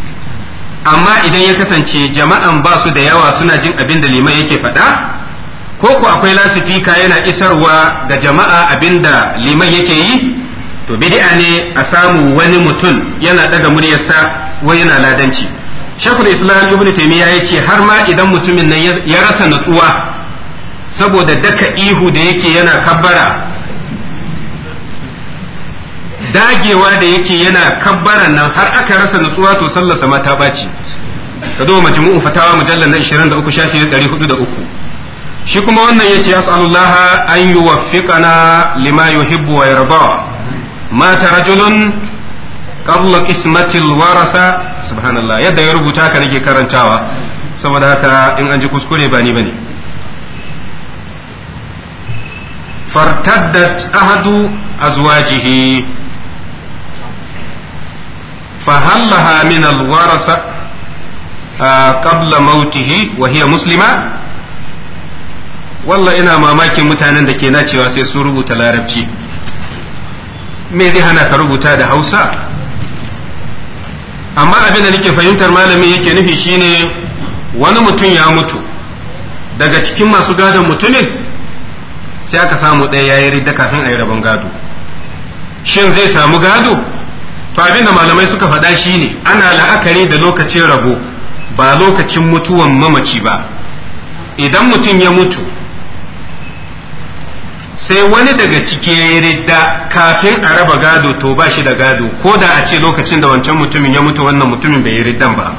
amma idan ya kasance jama'an ba su da yawa suna jin abin da liman yake faɗa ko ku akwai lasifika yana isarwa ga jama'a abin da liman yake yi to bid'a ne a samu wani mutum yana daga muryarsa wai yana ladanci shakul islam ibn taymiya yace har ma idan mutumin nan ya rasa natsuwa saboda daka ihu da yake yana kabbara dagewa da yake yana kabbara nan har aka rasa nutsuwa to sallarsa ma ta baci ka zo majmu'u fatawa mujallal na 23 shafi 403 shi kuma wannan yace as'alullaha an yuwaffiqana lima yuhibbu wa yarda mata rajulun qabla qismatil warasa subhanallah yadda ya rubuta ka nake karantawa saboda haka in an ji kuskure ba ni bane فارتدت ahadu أزواجه فهمها من الورثة قبل موته Walla مسلمة mamakin mutanen da ke na cewa sai واسي rubuta larabci. me zai hana ka rubuta da hausa amma abin da nake fahimtar malamin yake nufi shine wani mutum ya mutu daga cikin masu gadon mutumin sai aka samu ɗaya ya yi ridda kafin a yi rabon gado shin zai samu gado to abin da malamai suka faɗa shi ne ana la'akari da lokacin rabo ba lokacin mutuwan mamaci ba idan mutum ya mutu sai wani daga ciki ya ridda kafin a raba gado to ba shi da gado ko da a ce lokacin da wancan mutumin ya mutu wannan mutumin bai yi riddan ba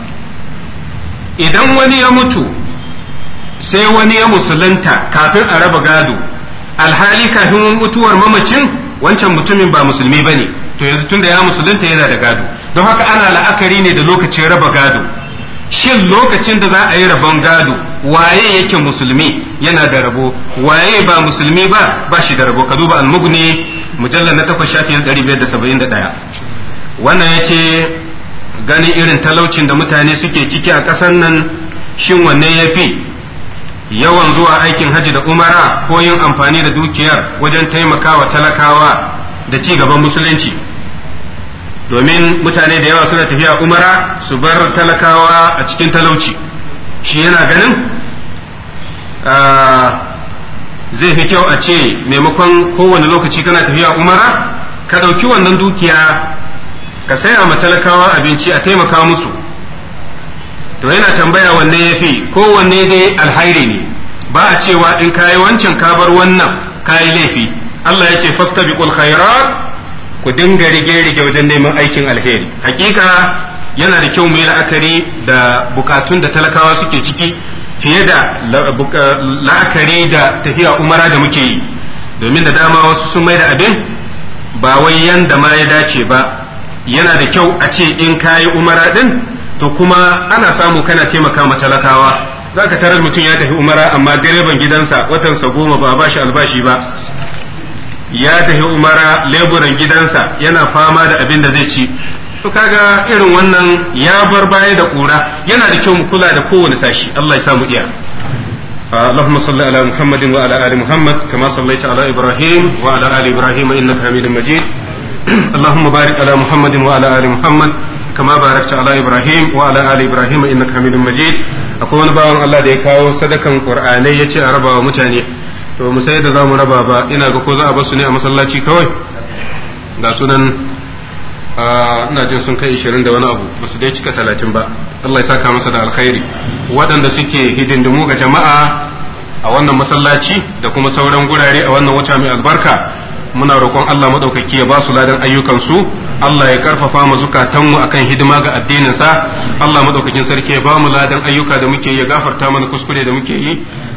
idan wani ya mutu sai wani ya musulunta kafin a raba gado alhali kafin mutuwar mamacin wancan mutumin ba musulmi ba ne to yanzu tunda ya musulunta yana da gado don haka ana la'akari ne da lokacin raba gado shin lokacin da za a yi rabon gado waye yake musulmi yana da rabo waye ba musulmi ba ba shi da rabo ka duba almugni mujallar na takwas shafin ɗaya. wannan ya ce ganin irin talaucin da mutane suke ciki a ƙasar nan shin wanne ya fi yawan zuwa aikin hajji da umara ko yin amfani da dukiyar wajen taimakawa talakawa da ci gaban musulunci domin mutane da yawa suna tafiya umara su bar talakawa a cikin talauci shi yana ganin zai fi kyau a ce maimakon kowane lokaci kana tafiya umara ka ɗauki wannan dukiya ka saya ma talakawa abinci a taimaka musu to yana tambaya wanne ya fi kowanne dai alhairi ne ba a cewa in kayi wancan ka bar wannan kayi laifi Allah ya ce fastabiqul khairat ku dinga rige-rige wajen neman aikin alheri hakika yana da kyau mu yi la'akari da bukatun da talakawa suke ciki fiye da la'akari da tafiya umara da muke yi domin da dama wasu sun mai da abin ba wai yanda ma ya dace ba yana da kyau a ce in kayi umara din to kuma ana samu kana taimaka ma talakawa za ka tarar mutum ya tafi umara amma direban gidansa watansa goma ba a bashi albashi ba ya tafi umara leburan gidansa yana fama da abin da zai ci to kaga irin wannan ya bar baya da kura yana da kyau mu kula da kowane sashi Allah ya mu iya اللهم صل على محمد وعلى ال محمد كما صليت على ابراهيم وعلى ال ابراهيم انك حميد مجيد اللهم بارك على محمد وعلى ال محمد كما باركت على ابراهيم وعلى ال ابراهيم انك حميد مجيد akwai wani bawan Allah da ya kawo sadakan qur'ani yace a wa mutane to mu sai da za mu raba ba ina ga ko za a bar su ne a masallaci kawai ga sunan ina jin sun kai ishirin da wani abu ba su dai cika talatin ba Allah ya saka masa da alkhairi waɗanda suke hidindimu ga jama'a a wannan masallaci da kuma sauran gurare a wannan wata mai albarka muna roƙon Allah maɗaukaki ya ba su ladan ayyukansu Allah ya karfafa mu zukatanmu akan hidima ga addininsa Allah maɗaukakin sarki ya ba mu ladan ayyuka da muke yi ya gafarta mana kuskure da muke yi